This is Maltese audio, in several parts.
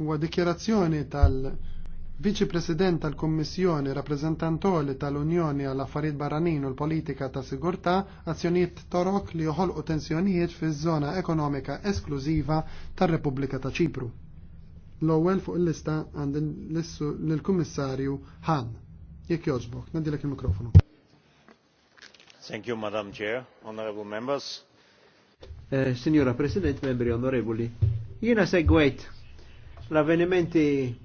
huwa dikjerazzjoni tal-Viċi President tal-Kummissjoni rappreżentantoli tal-Unjoni għall affarijiet barranin u l-politika ta' sigurtà azzjonijiet torok li joħolqu tensjonijiet fi żona ekonomika esklużiva tar-Repubblika ta' Ċipru. L-ewwel fuq il-lista għand lill-Kummissarju Han. Jekk jogħġbok, nadilek il-mikrofonu. Thank you, Madam Chair, Honorable Members. Uh, Signora President, membri onorevoli, jina segwejt L-avvenimenti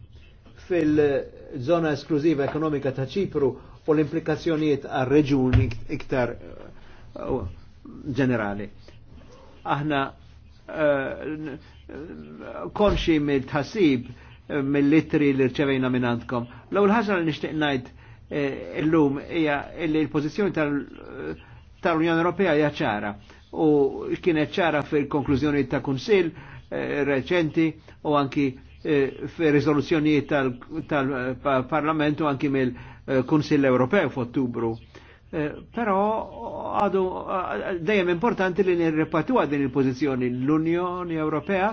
fil-zona esklużiva ekonomika ta' ċipru u l-implikazzjonijiet għal reġuni iktar eh, ġenerali. Aħna eh, konxi mill-tħassib eh, mill-litri li rċevejna minnantkom. L-ewwel ħaġa li nixtieq ngħid illum hija li l-pożizzjoni tal-Unjoni Ewropea hija ċara u kienet ċara fil-konklużjoni ta' kunsill reċenti u anki f'riżoluzzjonijiet eh, tal eh, parlamentu u anki mill-Kunsill eh, Ewropew f'Ottubru. Pero għadu dejjem importanti li nirrepatu din il pozizjoni l-Unjoni Ewropea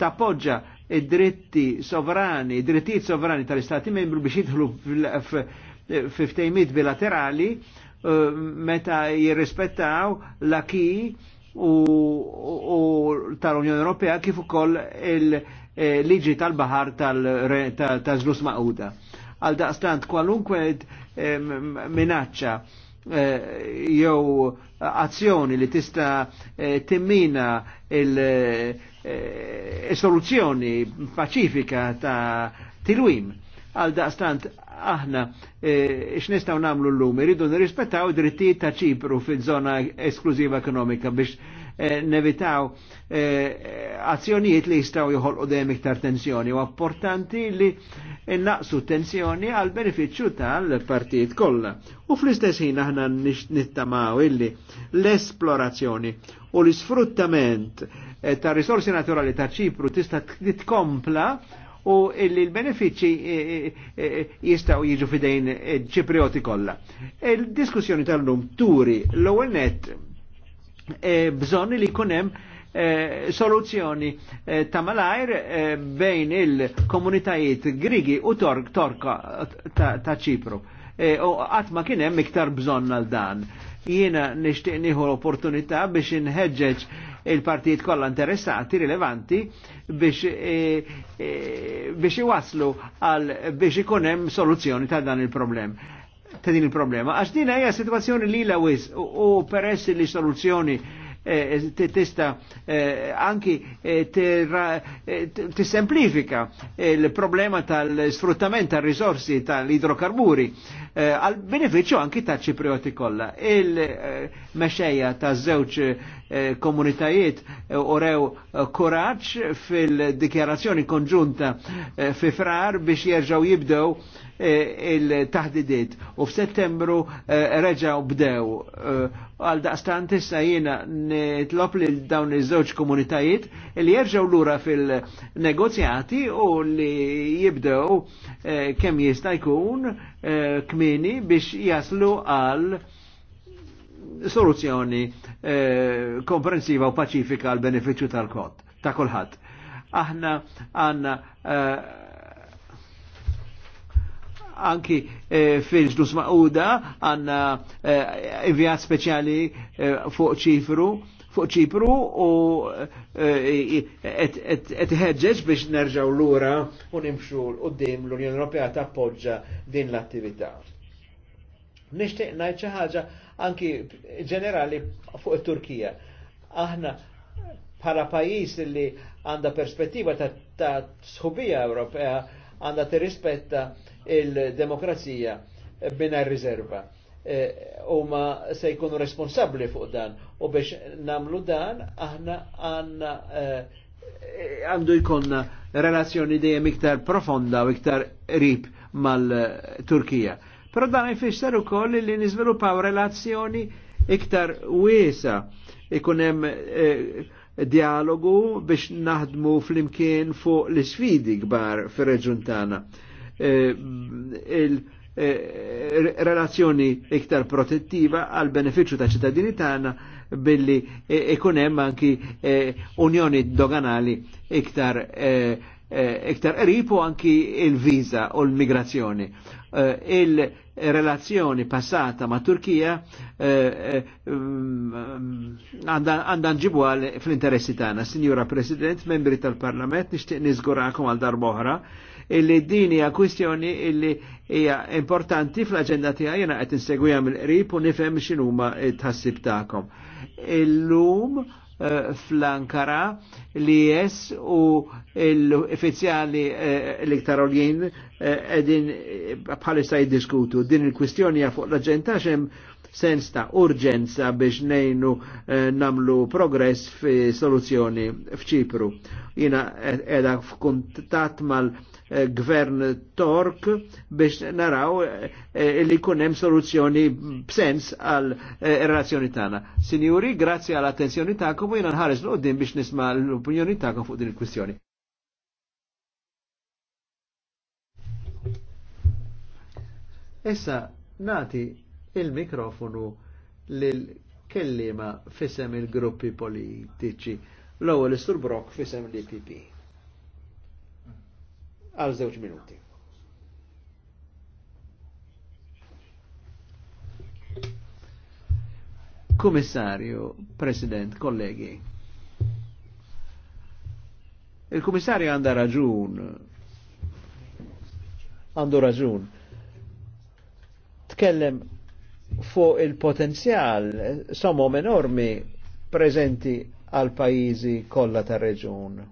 tappoġġa id-dritti sovrani, id-drittijiet sovrani tal-Istati membru biex jidħlu f'ftejmiet bilaterali meta jirrispettaw l-aki u, u tal-Unjoni Ewropea kif ukoll il- liġi tal-bahar tal-żlus maquda. Għal daqstant kwalunkwe minaccia eh, jew azzjoni li tista eh, timmina il-soluzzjoni eh, e paċifika ta' tilwim. Għal daqstant aħna x'nistgħu nagħmlu llum rridu nirrispettaw drittijiet ta' Ċipru fil-żona esklużiva ekonomika biex Eh, nevitaw eh, azzjonijiet li jistaw joħolqu dejjem iktar tensjoni u apportanti li naqsu tensjoni għal benefiċċju tal-partijiet kollha. U fl-istess ħin aħna nittamaw illi l-esplorazzjoni u l-isfruttament eh, ta' risorsi naturali ta' ċipru tista' titkompla u illi l-benefiċi jistaw jiġu fidejn ċiprioti kollha. Il-diskussjoni tal-lum turi l-ewwel net E, bżonni li kunem e, soluzzjoni e, ta' malajr bejn il-komunitajiet grigi u tork torka ta' ċipru. U għatma kienem miktar bżon għal dan. Jiena nishtiq nieħu l-opportunità biex inħeġġeġ il-partijiet kollha interessati rilevanti biex biex iwaslu għal biex ikun hemm soluzzjoni ta' dan il-problem ta' din il-problema. Għax din hija situazzjoni li la wis u peress li soluzzjoni eh, eh, tista eh, anki t-semplifika il-problema tal-sfruttament tal-risorsi tal-idrokarburi għal beneficju anki ta' ċiprioti kolla. Il-mexxejja ta' żewġ komunitajiet orew koraċ fil-dikjarazzjoni konġunta fi frar biex jerġgħu jibdew E, il-taħdidiet u f'Settembru e, reġaw bdew. E, għal daqstant issa jiena nitlop li dawn iż-żewġ komunitajiet li jerġgħu lura fil-negozjati u li jibdew kemm jista' jkun kmini biex jaslu għal soluzzjoni komprensiva u paċifika għal beneficju tal-kot ta' kulħadd. Aħna għanna anki eh, fil-ġnus maquda għanna eh, invjat speċjali eh, fuq ċifru fuq ċipru u qed ħeġġeġ biex nerġaw lura u nimxu l-qoddim l-Unjoni Ewropea tappoġġa din l-attività. Nixtieq ngħid xi ħaġa anki ġenerali fuq it-Turkija. Aħna bħala pajjiż li għandha perspettiva ta' sħubija Ewropea għandha tirrispetta rispetta il-demokrazija bina riserva e, u ma se jkunu responsabli fuq dan u biex namlu dan aħna għanna e, għandu jkun relazzjoni dejjem iktar profonda u iktar rib mal-Turkija. Pero dan jfisser ukoll li niżviluppaw relazzjoni iktar wiesa. Ikun hemm e, dialogu biex naħdmu flimkien fuq l-isfidi kbar fir-reġun tana. Eh, il-relazzjoni eh, iktar protettiva għal beneficju ta' ċittadini tagħna billi e, ikun hemm anki eh, unjoni doganali iktar iktar qrib u anki il viza u l-migrazzjoni. Il-relazzjoni passata ma' Turkija mm, għandan ġibu għal fl-interessi tagħna. Sinjura President, membri tal-Parlament, nixtieq niżgurakom għal darboħra illi din hija kwistjoni illi hija importanti fl-aġenda tiegħi jiena qed insegwiha mill-qrib u nifhem x'inhuma tħassib tagħkom. Illum eh, fl-Ankara li jess u l-uffiċjali elektorolin eh, eh, edin bħalissa jiddiskutu din il-kwistjoni fuq l-agenda xem sens ta' urġenza biex nejnu namlu progress fi soluzzjoni fċipru. Jina e-, edha f'kuntat mal- Eh, gvern Tork biex naraw eh, li kunem soluzzjoni b'sens għal eh, relazzjoni tagħna. Sinjuri, grazzi għall attenzjoni tagħkom u jiena nħares l biex nisma' l-opinjoni tagħkom fuq din il-kwistjoni. Issa nati il-mikrofonu lil kellima fisem il-gruppi politiċi. L-ewwel istur Brock fisem l-IPP għal żewġ minuti. Komissarju, President, kollegi. il komissarju għanda raġun, għandu raġun, tkellem fuq il-potenzjal somom enormi prezenti għal pajizi kollha tar-reġun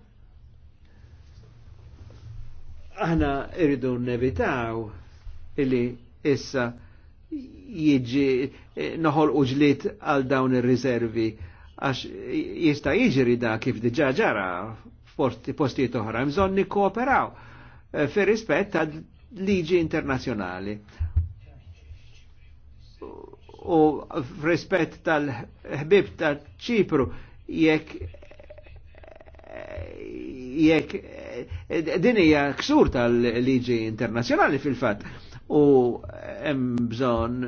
aħna irridu nevitaw illi issa jiġi eh, noħol uġlit għal dawn ir-riservi għax jista' jiġri da kif diġà ġara postijiet oħra, mżon nikkooperaw eh, fir rispett għal liġi internazzjonali. U rispett tal-ħbib ta' ċipru jekk eh, jekk din hija ksur tal-liġi internazzjonali fil-fatt. U hemm bżonn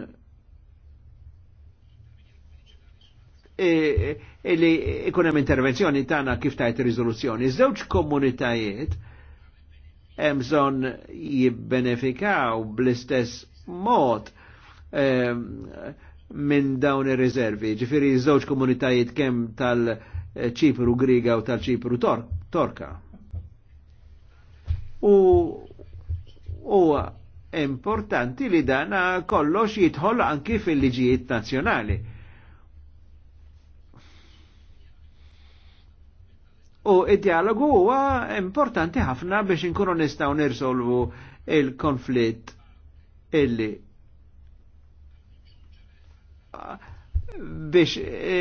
e, e, li ikun hemm intervenzjoni tagħna kif tajt riżoluzzjoni. Żewġ komunitajiet hemm bżonn jibbenefikaw bl-istess mod e, minn dawn ir-riservi. Ġifieri żewġ komunitajiet kemm tal- ċipru griga u tal-ċipru torka u huwa importanti li dana kollox jidħol anki fil-liġijiet nazzjonali. U id-dialogu huwa importanti ħafna biex inkunu nistgħu nirsolvu il-konflitt illi biex e,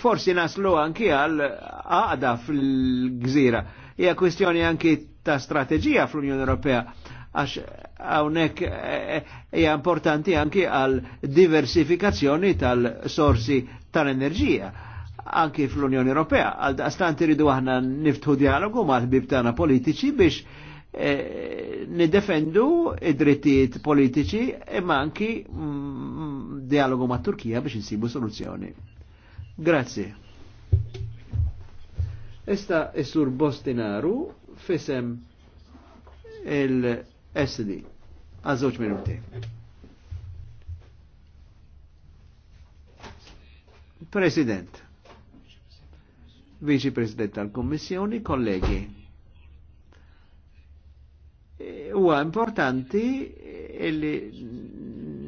forsi naslu anki għal għada fil-gżira. Hija kwistjoni anki ta' strategija fl-Unjoni Ewropea għax hawnhekk eh, eh, hija importanti anki għal diversifikazzjoni tal-sorsi tal-enerġija anki fl-Unjoni Ewropea. Għal daqstant iridu aħna niftħu dialogu mal-ħbib tagħna politiċi biex eh, nidefendu id-drittijiet politiċi imma anki mm, dialogu ma' Turkija biex insibu soluzzjoni. Grazzi. Esta is-sur Bostinaru fisem il-SD. Għazzoċ minuti. President, Vici President tal-Kommissjoni, kollegi. Huwa importanti li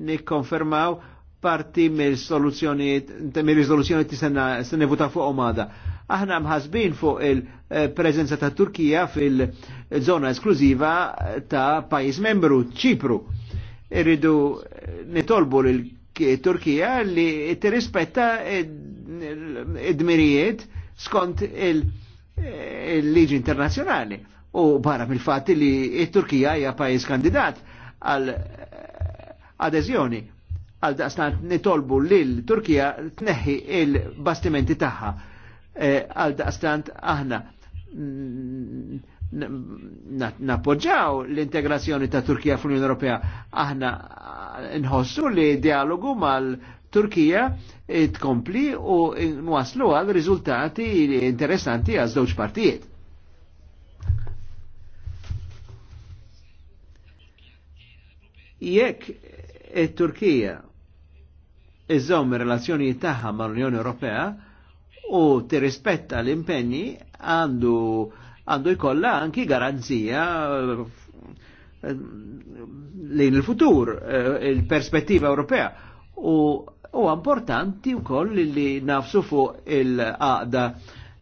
nikkonfermaw parti mill-soluzzjonijiet, mill-rizoluzzjoni ti senna nevota fuq omada. Aħna mħasbin fuq il- Eh, prezenza ta' Turkija fil-żona esklużiva ta' pajjiż membru Ċipru. Irridu nitolbu lil Turkija li tirrispetta id-dmirijiet skont il-liġi internazzjonali internazjonali u barra mill fatti li il-Turkija hija pajis kandidat għal eh, adeżjoni għal daqsna nitolbu lil Turkija tneħħi il-bastimenti tagħha eh, għal daqstant aħna Mm, napoġġaw l-integrazzjoni ta' Turkija fl-Unjoni Ewropea. Aħna nħossu li dialogu mal-Turkija tkompli u nwaslu għal riżultati interessanti għal żewġ partijiet. Jekk it-Turkija iżżomm ir-relazzjonijiet tagħha mal-Unjoni Ewropea, u tirrispetta l-impenni għandu għandu jkollha anki garanzija eh, lejn il-futur, eh, il-perspettiva Ewropea. U huwa importanti wkoll li nafsu fuq il-qaqda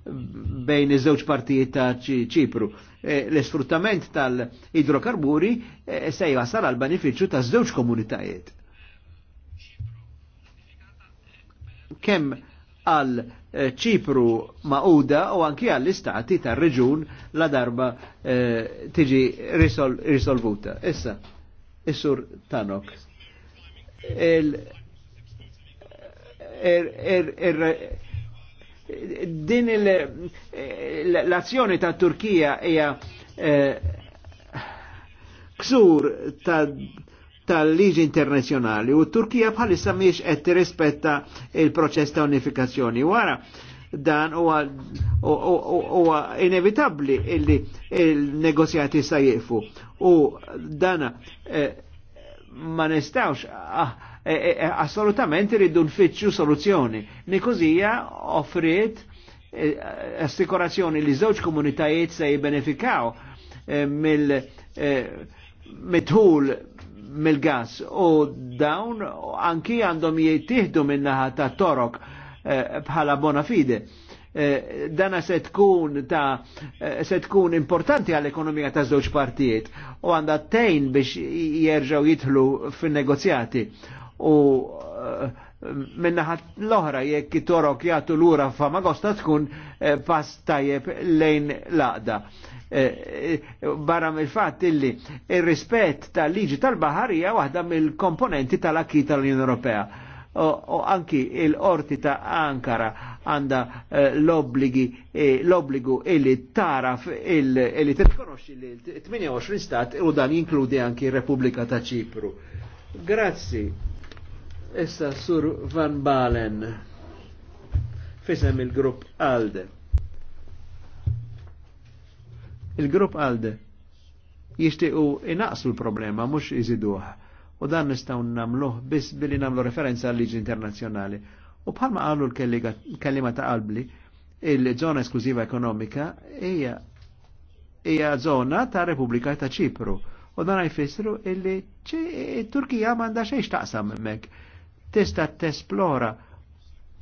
bejn iż-żewġ partijiet ta' ċipru. Eh, l-isfruttament tal-idrokarburi se jwasal għal beneficju ta' żewġ komunitajiet. Kemm għal ċipru maquda u anki għall-istati tar reġun la darba eh, tiġi risolvuta. Issa, issur Tanok. Er-, er-, er-, din l-azzjoni ta' Turkija hija eh, ksur ta' tal-liġi internazjonali u Turkija bħalissa miex qed tirrispetta il-proċess ta' unifikazzjoni. Wara dan huwa inevitabbli illi il-negozjati sa jieqfu u dan eh, ma nistawx ah, eh, eh, assolutament irridu nfittxu soluzzjoni. Nikozija offrit assikurazzjoni li żewġ komunitajiet se jibbenefikaw mill-mitħul mill-gas u dawn anki għandhom jittihdu minnaħa ta' torok eh, bħala bona fide. Eh, dana se tkun ta' eh, se tkun importanti għall-ekonomija ta' żewġ partijiet u għandha tejn biex jerġgħu jidħlu fin-negozjati. U uh, ħat l-oħra jekk torok jgħatu l-ura f'Famagosta tkun eh, pass tajjeb lejn laqda. Eh, eh, barra mill-fatt illi il-rispett tal-liġi tal baharija waħda mill-komponenti tal-akki tal-Unjoni Ewropea. U anki il-orti ta' Ankara għanda l-obbligu illi taraf illi titkonoxxi li 28 stat u dan jinkludi anki Repubblika ta' Ċipru. Grazzi. Issa sur Van Balen fisem il-grupp Alde. Il-grupp Alde jishtiqu inaqsu l-problema, mux iziduħ. U dan nistaw namluħ biss billi namlu referenza għal liġi internazjonali. U bħalma għallu l-kellima ta' qalbli, il-żona esklusiva ekonomika hija hija żona ta' Repubblika ta' Ċipru. U dan jfissru illi Turkija m'għandha xejn taqsam hemmhekk tista' tesplora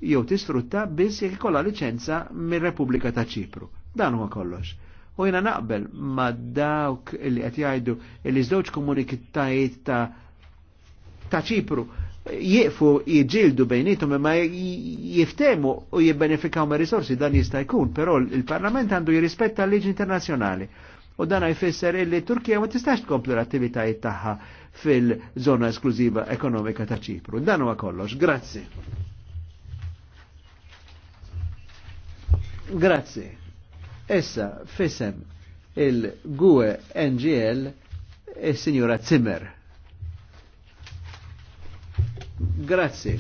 jew tisfrutta biss jekk kolla licenza mir-Repubblika ta' Ċipru. Dan huwa kollox. U jina naqbel ma' dawk li qed jgħidu li żewġ komunitajiet ta' ta' Ċipru jieqfu jiġildu bejnietum imma jiftemu u jibbenefikaw ma' risorsi dan jista' jkun, però il-Parlament għandu jirrispetta l-liġi internazzjonali. U dan jfisser illi Turkija ma tistax tkompli l-attivitajiet tagħha fil-żona esklużiva ekonomika ta' Ċipru. Dan huwa kollox. Grazzi. Grazzi. Issa fisem il-GUE NGL il-Sinjura Zimmer. Grazzi.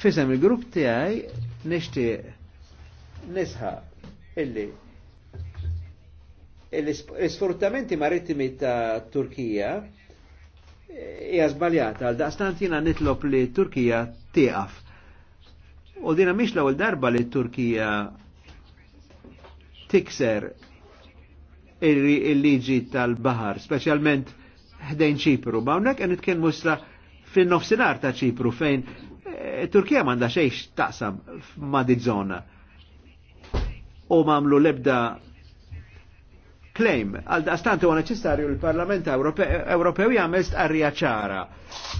Fisem il-grupp tiegħi nixtieq nisħa illi E l-isfruttamenti marittimi ta' Turkija eh, hija żbaljata għal daqstant jiena nitlob li Turkija tieqaf. U dina mhix l-ewwel darba li Turkija tikser il-liġi tal baħar speċjalment ħdejn ċipru. Ma hawnhekk qed itken musra fin nofsinhar ta' ċipru fejn eh, Turkija m'għandha xejx taqsam ma' di U mamlu lebda claim. Għal daqstant huwa neċessarju l-Parlament Ewropew jagħmel stqarrija ċara.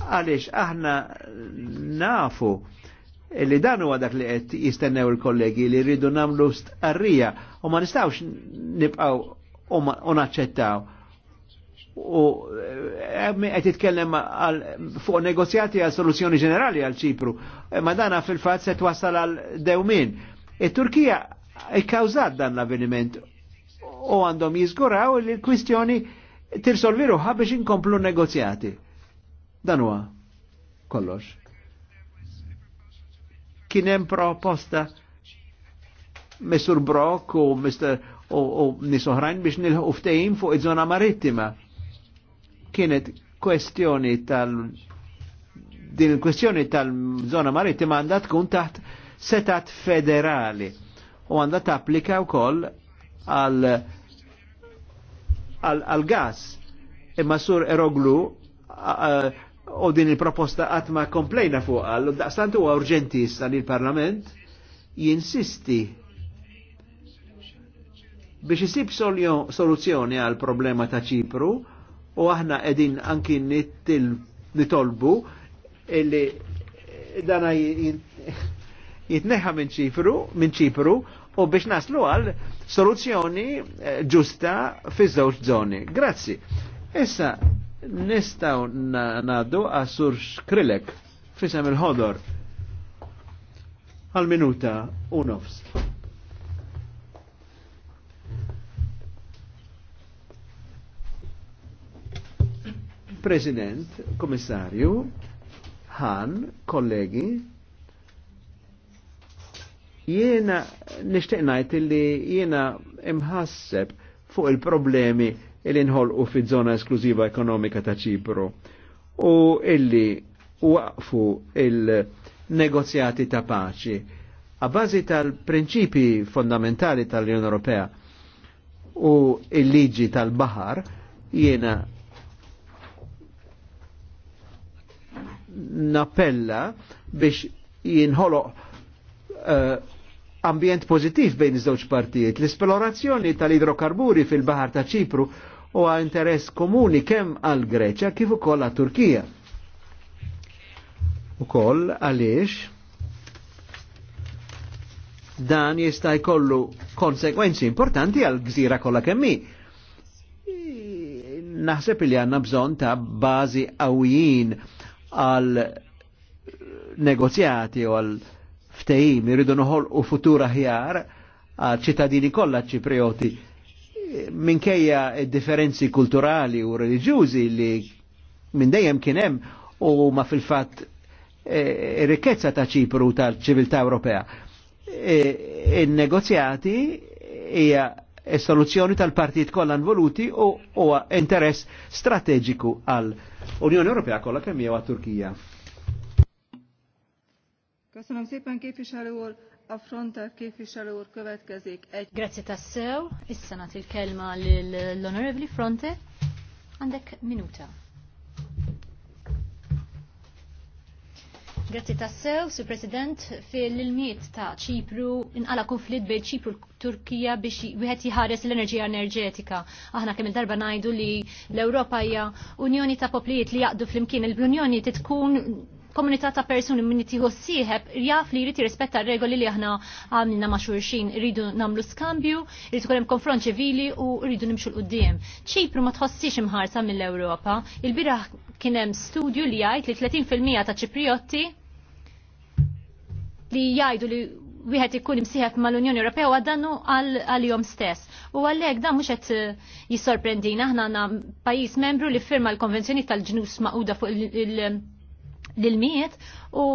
Għaliex aħna nafu li dan huwa dak li qed jistennew il-kollegi li rridu nagħmlu stqarrija u ma nistgħux nibqgħu u naċċettaw u eh, qed jitkellem fuq negozjati għal soluzzjoni ġenerali għal Ċipru. Eh, ma dana fil-fatt se twassal għal dewmin. it e turkija ikkawżat dan l-avveniment u għandhom jizguraw li l-kwistjoni tirsolvi ruħa biex inkomplu negozjati. Dan huwa kollox. Kien hemm proposta Mr. Brock u Mr. u, u nis oħrajn biex nilħu ftehim fuq iż-żona marittima. Kienet kwestjoni tal din il-kwestjoni tal-żona marittima għandha tkun taħt setat federali u għandha tapplika wkoll għal għal gas. Imma sur Eroglu u din il-proposta għatma komplejna fuq għal daqstantu għu urġenti issa il-Parlament jinsisti biex jisib soluzjoni għal problema ta' Ċipru u aħna edin anki nitolbu illi dana jitneħa minn ċipru, minn ċipru u biex naslu għal soluzzjoni eh, ġusta fi żewġ zoni. Grazzi. Issa nistaw naddu na għasur Skrilek fisem il-ħodor għal minuta u nofs. President, Komissarju, Han, kollegi, Jiena nixtieq ngħid illi jiena imħasseb fuq il-problemi illi u fi-zona esklużiva ekonomika ta' Ċipru u illi waqfu il-negozjati ta' paċi a bażi tal-prinċipi fondamentali tal-Unjoni Ewropea u il-liġi tal-bahar jiena nappella biex jinħoloq uh, ambjent pozittiv bejn iż-żewġ partijiet. L-esplorazzjoni tal-idrokarburi fil-Bahar ta' Ċipru għal interess komuni kemm għal Greċja kif ukoll għat Turkija. Ukoll għaliex dan jista' jkollu konsekwenzi importanti għal gżira kollha kemm Naħseb li għandna bżonn ta' bażi qawwijin għal negozjati u għal ftehim, irridu u futur aħjar għal ċittadini kollha ċiprioti minkejja differenzi kulturali u reliġjużi li minn dejjem kien hemm u ma fil-fatt e, rikkezza ta' ċipru tal-ċiviltà Ewropea. E, in-negozjati hija e soluzzjoni tal-partijiet kollha involuti u huwa interess strateġiku għall Unjoni Ewropea kollha kemm jew għat Turkija. Köszönöm szépen, képviselő úr. A Frontex képviselő úr következik. Egy... Grazie tassew. Issanat il-kelma l Fronte. Andek minuta. Grazzi tassew, Sur President, fil-miet ta' ċipru inqala konflitt bejn ċipru Turkija biex wieħed jħares l-enerġija enerġetika. Aħna kemm il-darba ngħidu li l-Ewropa hija Unjoni ta' Poplijiet li jaqdu flimkien. Il-Unjoni titkun komunità ta' persuni minn tieħu sieħeb jaf li jrid jirrispetta regoli li aħna għamilna ma' xulxin, rridu nagħmlu skambju, jrid ikun hemm konfront ċivili u rridu nimxu l-qudiem. Ċipru ma tħossix imħarsa mill-Ewropa. Il-biraħ kien hemm studju li jgħid li 30% ta' Ċipriotti li jgħidu li wieħed ikun imsieħeb mal-Unjoni Ewropea għadannu għal-jom stess. U għallek dan mhux qed eh, jissorprendina aħna għandna pajjiż membru li firma l-konvenzjoni tal-ġnus maquda fuq il- l-miet u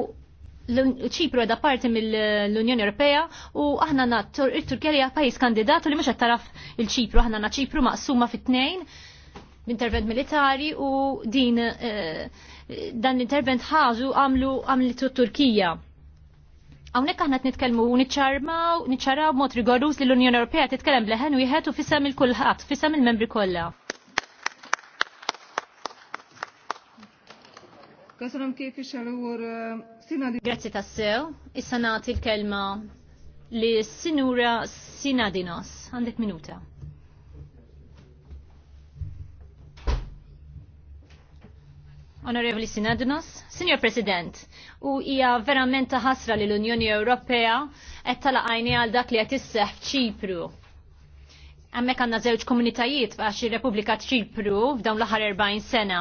ċipru da parti mill-Unjoni Ewropea u aħna na il-Turkija hija pajjiż kandidatu li mhux qed taraf il-Ċipru, aħna na ċipru maqsuma fit-tnejn b'intervent militari u din eh, dan l-intervent ħażu għamlu għamlitu Turkija. Hawnhekk aħna t-nitkelmu u niċċarmaw, niċċaraw mod rigorus li l-Unjoni Ewropea titkellem bleħen wieħed u fissam il-kulħadd, fissam il-membri kollha. Köszönöm Grazie tassew. Issa nagħti l-kelma li sinura Sinadinos. Għandek minuta. Onorevoli Sinadinos, Signor President, u hija verament ħasra li l-Unjoni Ewropea qed għajni għal dak li qed isseħħ f'Ċipru Għammek għanna zewġ komunitajiet għax il-Repubblika ċipru f'dawn l-aħħar 40 sena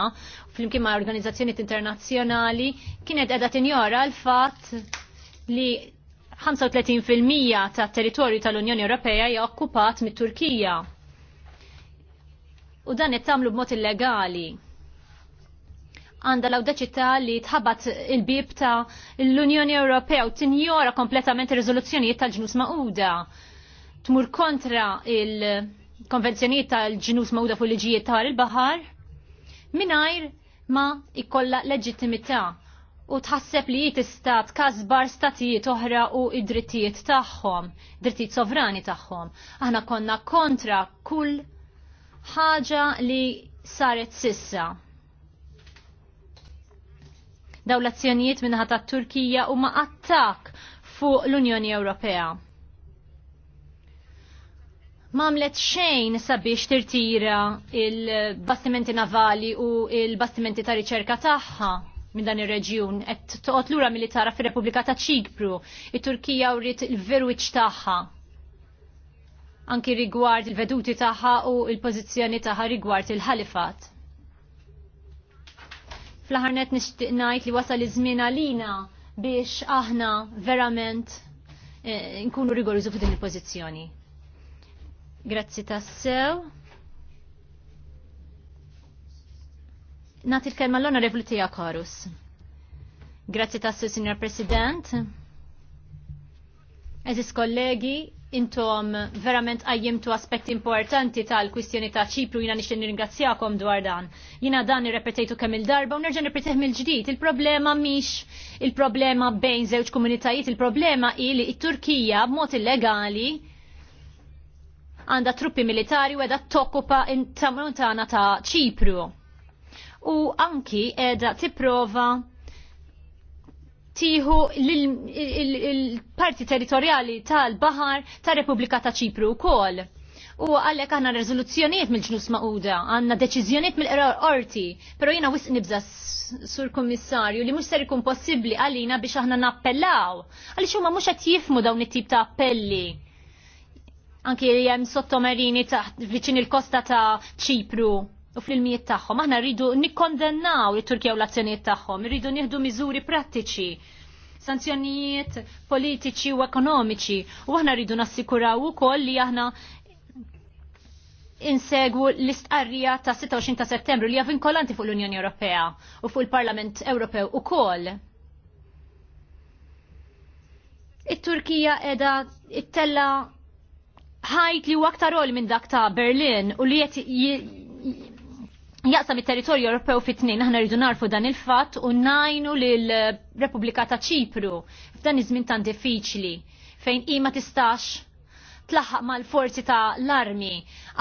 fl-imkien ma' organizazzjoniet internazzjonali kienet edha tinjora l-fatt li 35% ta' territorju tal-Unjoni Ewropea hija okkupat mit-Turkija. U dan qed tagħmlu b'mod illegali. Għanda l-awdeċità li tħabbat il-bib ta' l-Unjoni Ewropea u tinjora kompletament ir-riżoluzzjonijiet tal-ġnus Mauda tmur kontra il-konvenzjoniet tal-ġinus mawda fuq liġijiet tar il-bahar minajr ma ikkolla leġittimità u tħasseb li tista' kazbar statijiet oħra u id-drittijiet tagħhom, drittijiet sovrani tagħhom. Aħna konna kontra kull ħaġa li saret sissa. Daw l-azzjonijiet minnaħat Turkija turkija huma attak fuq l-Unjoni Ewropea mamlet xejn sabiex tirtira il-bastimenti navali u il-bastimenti ta' riċerka tagħha minn dan ir-reġjun qed toqgħod lura milli tara fir-Repubblika ta' Ċipru, it-Turkija wrid il-verwiċ tagħha. Anki rigward il-veduti tagħha u il-pożizzjoni tagħha rigward il-ħalifat. Fl-aħħar net nixtieq ngħid li wasal iż-żmien għalina biex aħna verament eh, nkunu rigorużu f'din il-pożizzjoni. Grazzi tassew. Nati l kelma l-onorevoli Tija Korus. Grazzi tassew, Signor President. Eżis kollegi, intom verament għajjimtu aspetti importanti tal-kwistjoni ta' ċipru jina nixtieq nirringrazzjakom dwar dan. Jina dan irrepetejtu kemm il-darba u nerġa' nirrepetih mill-ġdid. Il-problema mhix il-problema bejn żewġ komunitajiet, il-problema hi li t-Turkija b'mod illegali għandha truppi militari u edha tokkupa in-tramuntana ta' Ċipru. U anki edha tipprova tiħu l-parti territorjali tal-Bahar ta' Repubblika ta' Ċipru u kol. U għallek għanna rezoluzzjoniet mill-ġnus ma'uda, għanna deċizjoniet mill-orti, pero jina wisq nibza sur kommissarju li mux ser ikun possibli għalina biex aħna nappellaw, għalli huma mux qed jifmu dawn it-tip ta' appelli anki jem sottomarini taħt viċin il-kosta ta' ċipru u fl-ilmijiet tagħhom. Aħna rridu nikkondennaw it-Turkija u l-azzjonijiet tagħhom, rridu nieħdu miżuri prattiċi sanzjonijiet politiċi u ekonomiċi u aħna rridu nassikuraw ukoll li aħna insegwu l-istqarrija ta' 26 ta' settembru li vinkolanti fuq l-Unjoni Ewropea u fuq il-Parlament Ewropew ukoll. It-Turkija edha it-tella ħajt li huwa aktar minn dak ta' Berlin u li jett jaqsam il territorju Ewropew fit-tnejn aħna rridu narfu dan il-fatt u najnu l Repubblika ta' Ċipru f'dan iż-żmien tan diffiċli fejn hi ma tistax tlaħħaq mal-forzi ta' l-armi.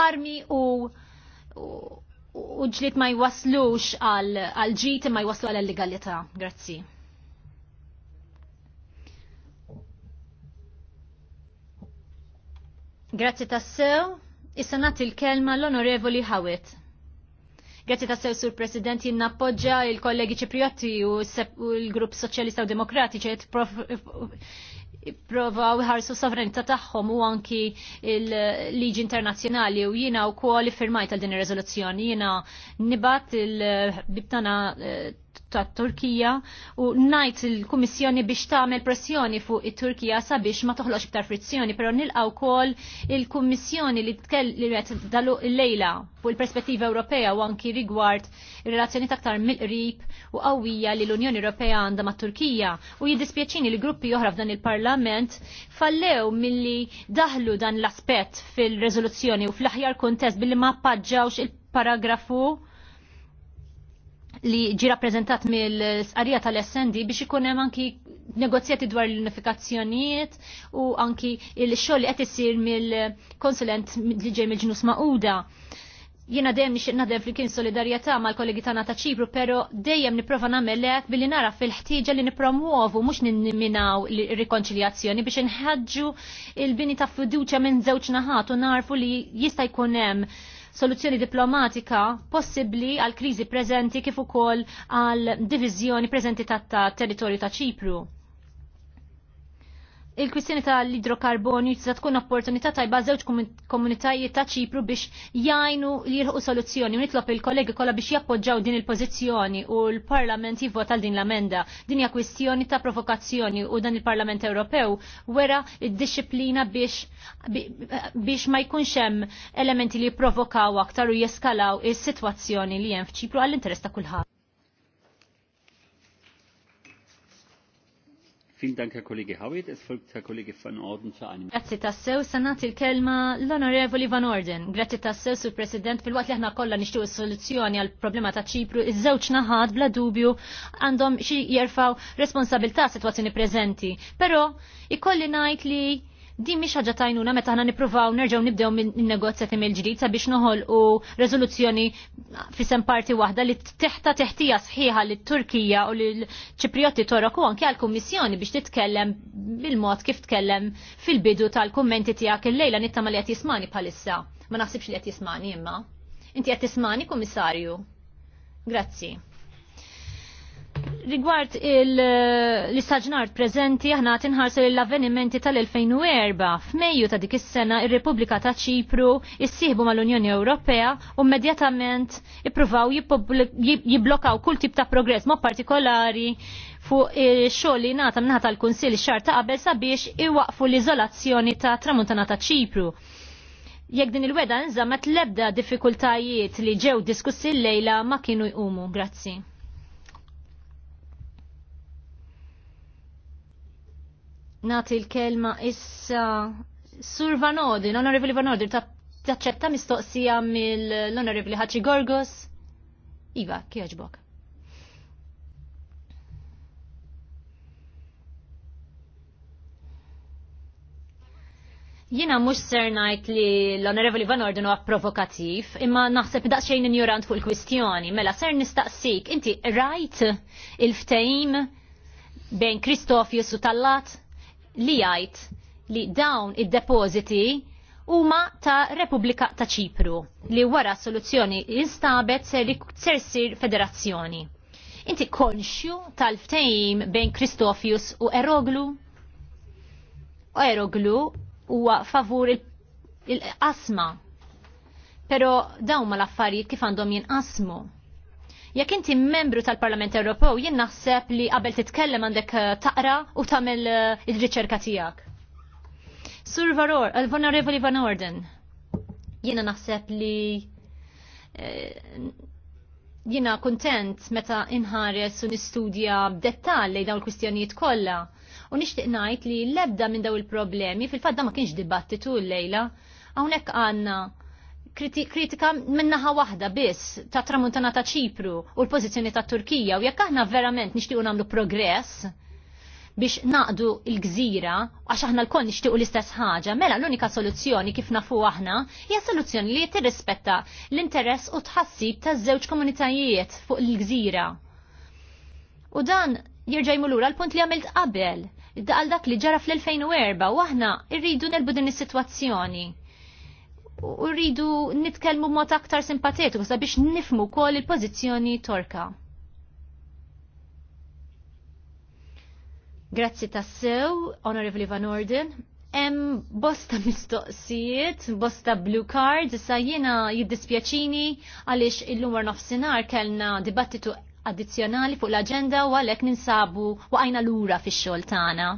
Armi u u ġlit ma jwaslux għal ġiti ma jwaslu għal legalità Grazzi. Grazzi tassew, issa nagħti l-kelma l-Onorevoli Hawit. Grazzi tassew sur President jinnappoġġa il-kollegi Ċipriotti u l-Grupp Soċjalista u Demokratiċi provaw ħarsu sovranità tagħhom u anki il-liġi internazzjonali u jiena wkoll firmajt għal din ir riżoluzzjoni Jiena nibat il-bibtana eh, tat-Turkija u najt il-Kummissjoni biex tagħmel pressjoni fuq it-Turkija sabiex ma toħloġ iktar frizzjoni, però nilqgħu wkoll il-Kummissjoni li tkellmet dalu lejla fuq il-perspettiva Ewropea u anki rigward ir-relazzjoni aktar mill-qrib u qawwija li l-Unjoni Ewropea għandha mat-Turkija u jiddispjaċini li gruppi oħra f'dan il-Parlament fallew milli daħlu dan l-aspett fil-reżoluzzjoni u fl-aħjar kontest billi ma paġġawx il-paragrafu li ġi rappresentat mill-sqarija tal-SND biex ikun hemm anki negozjati dwar l-unifikazzjonijiet u anki il-xogħol li qed isir mill-konsulent li ġej mill-ġnus Mauda. Jiena dejjem nixtieq naħdem fil kien solidarjetà mal-kollegi tagħna ta' Ċipru, però dejjem nipprova nagħmel hekk billi nara fil-ħtieġa li nippromuovu mhux l rikonċiljazzjoni biex inħaġġu il-bini ta' fiduċja minn żewġ naħat u narfu li jista' jkun hemm soluzzjoni diplomatika possibbli għal kriżi preżenti kif ukoll għal divizjoni preżenti tat-territorju ta' Ċipru il-kwistjoni tal idrokarboni tista' tkun opportunità tajba żewġ komunitajiet ta' Ċipru biex jgħinu jirħu soluzzjoni. Nitlob il-kollegi kollha biex jappoġġaw din il-pożizzjoni u l-Parlament jivvota din l-amenda. Din hija kwistjoni ta' provokazzjoni u dan il-Parlament Ewropew wera id-disciplina biex biex ma jkunx hemm elementi li jipprovokaw aktar u jeskalaw is-sitwazzjoni li hemm f'Ċipru għall-interess ta' kulħadd. Vielen Dank, Herr Kollege Howitt. Es folgt Herr Kollege Van Orden zu einem. Grazie tassew, sanat il-kelma l-Onorevoli Van Orden. Grazie tassew, Sur President, fil wat li ħna kollha nixtiequ soluzzjoni għal problema ta' Ċipru, iż-żewġ naħad bla dubju għandhom xi jerfaw responsabilità situazzjoni preżenti. Però ikolli ngħid li Din mhix ħaġa tajnuna meta aħna nippruvaw nerġgħu nibdew min-negozjati mill-ġdid sabiex noħolqu fi sem parti waħda li t teħtija sħiħa lit turkija u lil ċiprioti Torok u anki għall-Kummissjoni biex titkellem bil-mod kif tkellem fil-bidu tal-kummenti tiegħek illejla nittama li qed jismani bħalissa. Ma naħsibx li qed jismani imma. Inti qed tismani, Kummissarju? Grazzi. Rigward eh, l-istaġnar prezenti aħna tinħarsu l-avvenimenti tal-2004 f'Mejju ta' dik is-sena ir-Repubblika ta' Ċipru issieħbu mal-Unjoni Ewropea u immedjatament ippruvaw jibblokkaw kull tip ta' progress ma' partikolari fuq xogħol li ngħata mingħata tal-Kunsill xar ta' qabel sabiex iwaqfu l-iżolazzjoni ta' tramuntana ta' Ċipru. Jekk din il-weda nżammet l-ebda diffikultajiet li ġew diskussi l-lejla ma kienu jqumu. Grazzi. Nati l-kelma issa Sur Vanodin, Onorevoli Vanodin, taċċetta mistoqsija mill-Onorevoli Ħaċi Gorgos. Iva, kieġbok. Jina mux ser najt li l-Onorevoli Van Orden huwa provokativ, imma naħseb daqsxejn ignorant fuq il-kwistjoni. Mela ser nistaqsik, inti rajt il ftajim bejn Kristofjus u Tallat? li jgħid li dawn id-depożiti huma ta' Repubblika ta' Ċipru li wara soluzzjoni instabet ser sir federazzjoni. Inti konxju tal-ftejim bejn Kristofius u Eroglu? U Eroglu huwa favur il-qasma. Pero dawn ma l-affarijiet kif għandhom jinqasmu Jekk inti membru tal-Parlament Ewropew, jien naħseb li qabel titkellem għandek eh, taqra u tagħmel eh, ir riċerka tiegħek. Sur Varor, l-Vonorevoli eh, Van Orden, jiena naħseb li jiena kontent meta inħares u nistudja b'dettall lejn dawn il-kwistjonijiet kollha u nixtieq ngħid li l-ebda minn daw il-problemi fil-fatt ma kienx dibattitu l-lejla hawnhekk għandna kritika minnaħa waħda biss ta' tramuntana ta' ċipru u l-pozizjoni ta' Turkija u jekk aħna verament nixtiequ nagħmlu progress biex naqdu l-gżira għax aħna l-koll nixtiequ l-istess ħaġa, mela l-unika soluzzjoni kif nafu aħna hija soluzzjoni li tirrispetta l-interess u tħassib ta' żewġ komunitajiet fuq l-gżira. U dan jirġa' jmulura l-punt li għamilt qabel, għal dak li ġara fl-2004 u aħna rridu nelbu din is-sitwazzjoni u rridu nitkellmu mod aktar simpatetiku sabiex nifmu kol il-pożizzjoni torka. Grazzi tassew, Onorevoli Van Orden. Em bosta mistoqsijiet, bosta blue cards, issa jiena jiddispjaċini għaliex illum war nofsinhar kellna dibattitu addizzjonali fuq l-agenda u għalhekk ninsabu waqajna lura fix-xogħol tagħna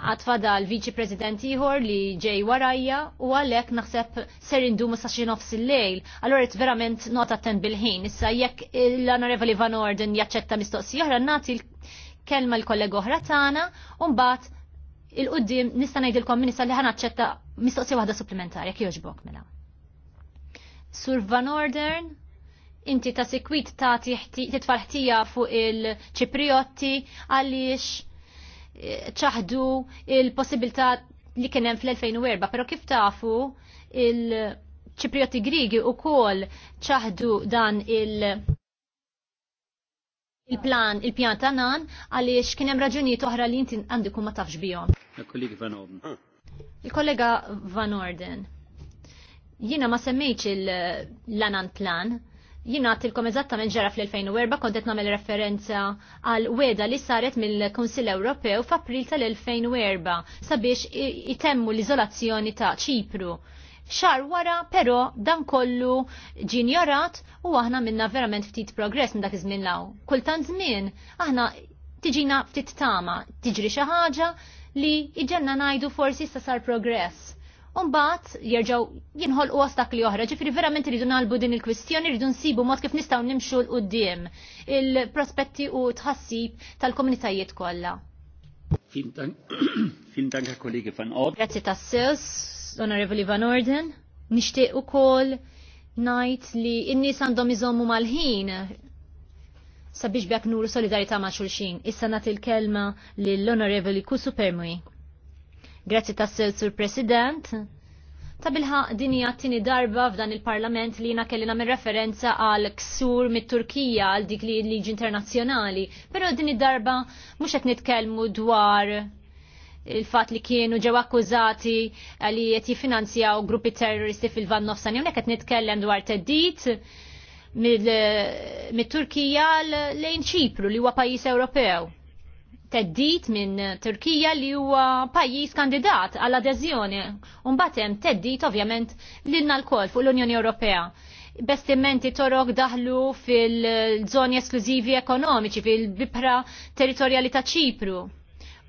għatfada l-Viċi President ieħor li ġej warajja u għalhekk naħseb ser indumu sa xi nofs il-lejl. Allora, qed verament nota attent bil-ħin. Issa jekk l honorevoli Van Orden jaċċetta mistoqsija oħra nati l-kelma l-kollega oħra tagħna u mbagħad il-qudiem nista' ngħidilkom minista li ħanaċċetta mistoqsija waħda supplementari jekk jogħġbok mela. Sur Van Orden, inti ta' sikwit ta' titfal ħtija fuq il-Ċipriotti għaliex ċaħdu il-possibilità li kienem fl-2004, pero kif tafu il-ċiprioti grigi u kol ċaħdu dan il- il-plan, il-pjan ta' nan għaliex kienem raġuni toħra li jintin għandikum ma tafx bijom. Ah. Il-kollega Van Orden. Il-kollega Van Orden. Jina ma semmejċ il-lanan plan, jina tilkom eżattament ġara fl-2004 kontet namel referenza għal weda li saret mill-Konsil Ewropew f'April tal-2004 sabiex itemmu l-izolazzjoni ta' ċipru. Xar wara, pero dan kollu ġinjorat u aħna minna verament ftit progress minn dak iż-żmien law. Kultant żmien aħna tiġina ftit tama, tiġri xi ħaġa li iġenna najdu forsi sa sar progress Umbat jirġaw jinħolqu ostakli oħra, ġifiri verament rridu nalbu din il-kwistjoni, rridu nsibu mod kif nistaw nimxu l-qoddim il-prospetti u tħassib tal-komunitajiet kollha. Fin tanka kollegi Van Grazie Grazzi tas-sils, Onorevoli Van Orden, nixtieq ukoll najt li n-nies għandhom iżommu mal-ħin sabiex bjak nuru solidarita ma' xulxin. Issa nagħti il-kelma lill-Onorevoli Kusu Permui. Grazzi tassew sur President. Ta' bilħa din hija t-tieni darba f'dan il-Parlament li jina kelli nagħmel referenza għal ksur mit-Turkija għal dik li liġi internazzjonali, però din darba mhux qed nitkellmu dwar il-fat li kienu ġew akkużati li qed jiffinanzjaw gruppi terroristi fil-Van Nofsan. Hawnhekk qed nitkellem dwar teddit mit-Turkija lejn Ċipru li huwa pajjiż Ewropew teddit minn Turkija li huwa pajjiż kandidat għall adeżjoni u mbagħad hemm teddit ovvjament lilna l-kol fuq l-Unjoni Ewropea. Bestimenti torok daħlu fil-żoni esklużivi ekonomiċi fil-bibra territorjali ta' Ċipru.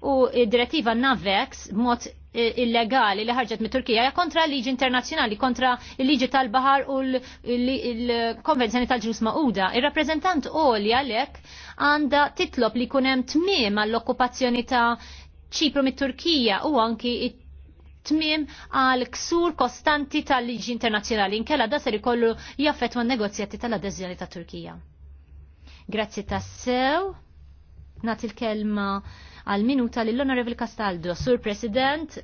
U id-direttiva Navex mod Eh, illegali li ħarġet mit Turkija ja kontra l liġi internazzjonali, kontra l liġi tal-bahar u l-konvenzjoni tal-ġus ma'uda. Ir-rappreżentant Oli għalek għanda titlob li kunem tmiem għall-okkupazzjoni ta' ċipru mit Turkija u anki tmiem għal ksur kostanti tal-liġi internazzjonali. Inkella da ser ikollu jaffet ma' negozjati tal-adeżjoni ta' Turkija. Grazzi tassew. Nat il-kelma għal minuta lill-Onorevoli Castaldo. Sur President,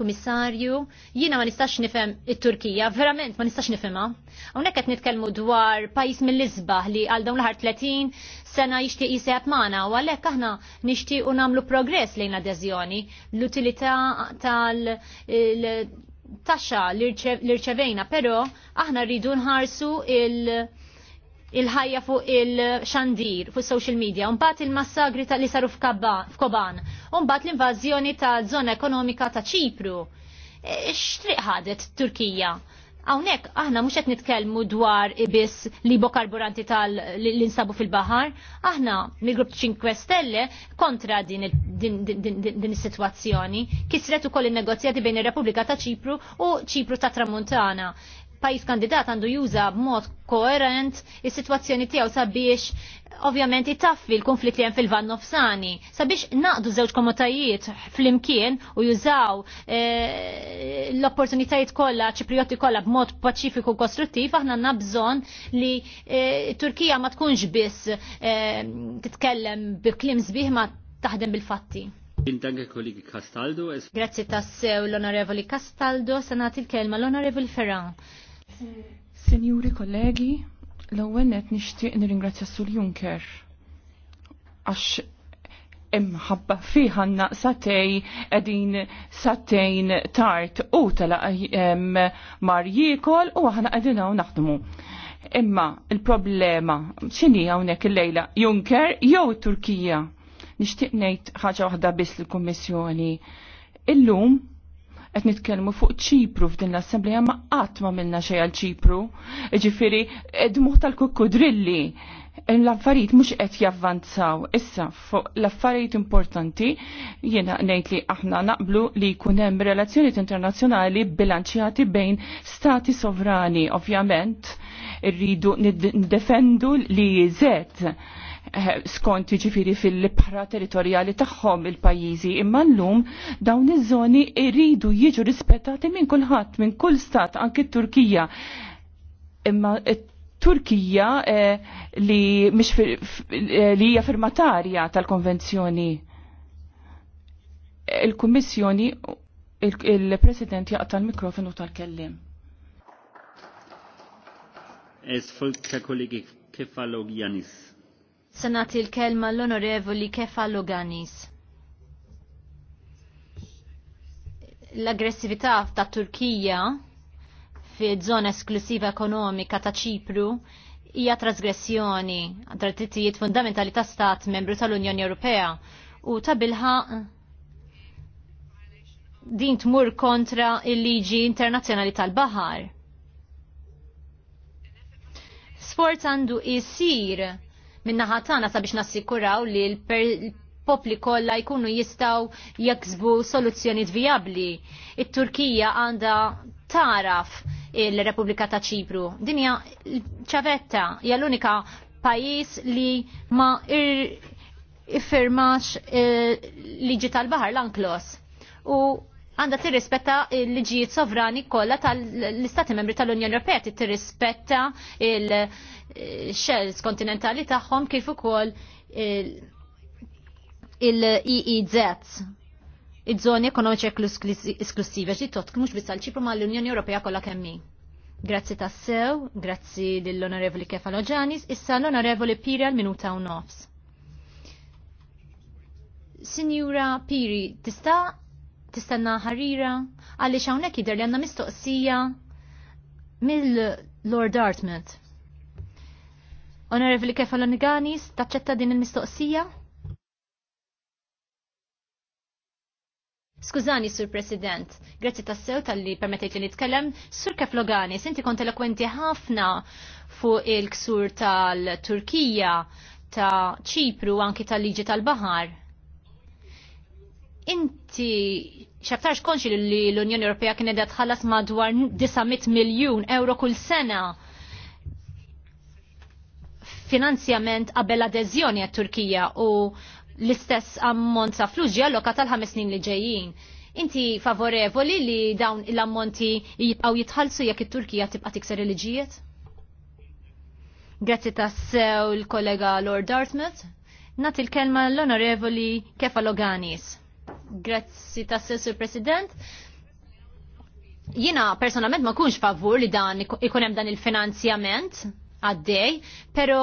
Kummissarju, jiena ma nistax nifhem il turkija verament ma nistax nifema. Hawnhekk qed nitkellmu dwar pajjiż mill-isbaħ li għal dawn l-ħar 30 sena jixtieq jisejħat magħna u għalhekk aħna nixtiequ nagħmlu progress lejn adeżjoni. L-utilità tal taxxa li rċevejna, però aħna rridu nħarsu il- il-ħajja fuq il-xandir, fuq social media, unbat il-massagri li saru f'Koban, unbat l-invażjoni ta' zona ekonomika ta' ċipru. E, xtriq ħadet Turkija. Hawnhekk aħna mhux qed nitkellmu dwar ibis li karburanti tal li nsabu fil-baħar, aħna mill-grupp 5 Stelle kontra din is-sitwazzjoni. kisretu ukoll il negozjati bejn ir-Repubblika ta' Ċipru u Ċipru ta' Tramuntana pajis kandidat għandu juża b'mod koerent is-sitwazzjoni tiegħu sabiex ovvjament itaffi l-konflitt li hemm fil-van nofsani sabiex naqdu żewġ komotajiet fl-imkien u jużaw eh, l-opportunitajiet kollha ċiprioti kollha b'mod paċifiku kostruttiv aħna għandna bżonn li eh, Turkija ma tkunx biss eh, titkellem bi kliem sbieħ ma taħdem bil-fatti. Intanke kollegi Castaldo. Grazie tassew l-onorevoli Castaldo, sanat il-kelma l-onorevoli Ferran. Senjuri kollegi, l-ewwel qed nixtieq nirringrazzja Sul Juncker għax imħabba fiħa naqsatej edin satejn tart u tala mar jikol u għahna għadina u naħdmu. Imma il-problema xini għawnek il-lejla Junker jew Turkija. Nishtiq nejt ħaġa waħda biss l-Kommissjoni. Illum qed nitkellmu fuq ċipru f'din l-assembleja ma qatt ma milna xejn għal ċipru. Ġifieri dmuħ tal-kukkudrilli l-affarijiet mhux qed javvanzaw. Issa fuq l-affarijiet importanti jiena ngħid li aħna naqblu li jkun hemm relazzjonijiet internazzjonali bilanċjati bejn stati sovrani, ovvjament irridu niddefendu li jizet Eh, skont ġifiri fil-libħra territorjali tagħhom il-pajjiżi imma llum dawn iż-żoni iridu jiġu rispettati minn kulħadd minn kull stat anki t-Turkija. Imma Turkija eh, li mhix eh, li hija firmatarja tal-konvenzjoni. Il-Kummissjoni il-President jaqta' l-mikrofonu tal-kellim. Es folka kollegi Kefalogianis. Senati il-kelma l-onorevoli Kefa Ganis. L-aggressività ta' Turkija fi zona esklusiva ekonomika ta' Ċipru hija trasgressjoni tra trittijiet fundamentali ta' stat membru tal-Unjoni Ewropea u ta' bilħa din tmur kontra il-liġi internazzjonali tal-bahar. Sforz għandu isir minnaħa tagħna sabiex nassikuraw li l-popli kollha jkunu jistgħu jaksbu soluzzjonijiet vijabbli. It-Turkija għandha taraf il-Repubblika ta' Ċipru. Dinja ċavetta hija l-unika pajjiż li ma iffirmax eh, liġi tal-baħar l-anklos. U għandha tirrispetta l-liġijiet sovrani kollha tal-Istati Membri tal-Unjoni Ewropea tirrispetta il-shells kontinentali tagħhom kif ukoll il-EEZ iż-żoni ekonomiċi esklusiva ġi tot mhux biss ċipru ma l-Unjoni Ewropea kollha kemm Grazzi tassew, grazzi lill-Onorevoli Kefalo Ġanis, issa l-Onorevoli Piri għal minuta u nofs. Sinjura Piri, tista' tistenna ħarira għaliex hawnhekk jidher li għandna mistoqsija mill-Lord Dartmouth. Onorevoli Kefaloniganis, taċċetta din il-mistoqsija? Skużani, Sur President, grazzi tassew tal-li permettejt li nitkellem. Sur Keflogani, senti kont elokwenti ħafna fuq il-ksur tal-Turkija, ta' Ċipru, anki tal-liġi tal-Bahar. Inti xaktarx konxi li l-Unjoni Ewropea kien edha tħallas madwar 900 miljun euro kull sena finanzjament qabel adeżjoni għat Turkija u l-istess ammont sa' flus ġi allokat ħames snin li ġejjin. Inti favorevoli li dawn l-ammonti jibqaw jitħalsu jekk it-Turkija tibqa' tikser il-liġijiet? Grazzi tassew il-kollega Lord Dartmouth. Nati il-kelma l-onorevoli Kefa Loganis. Grazzi ta' sessu President. Jina personalment ma kunx favur li dan ikun hemm dan il-finanzjament għaddej, pero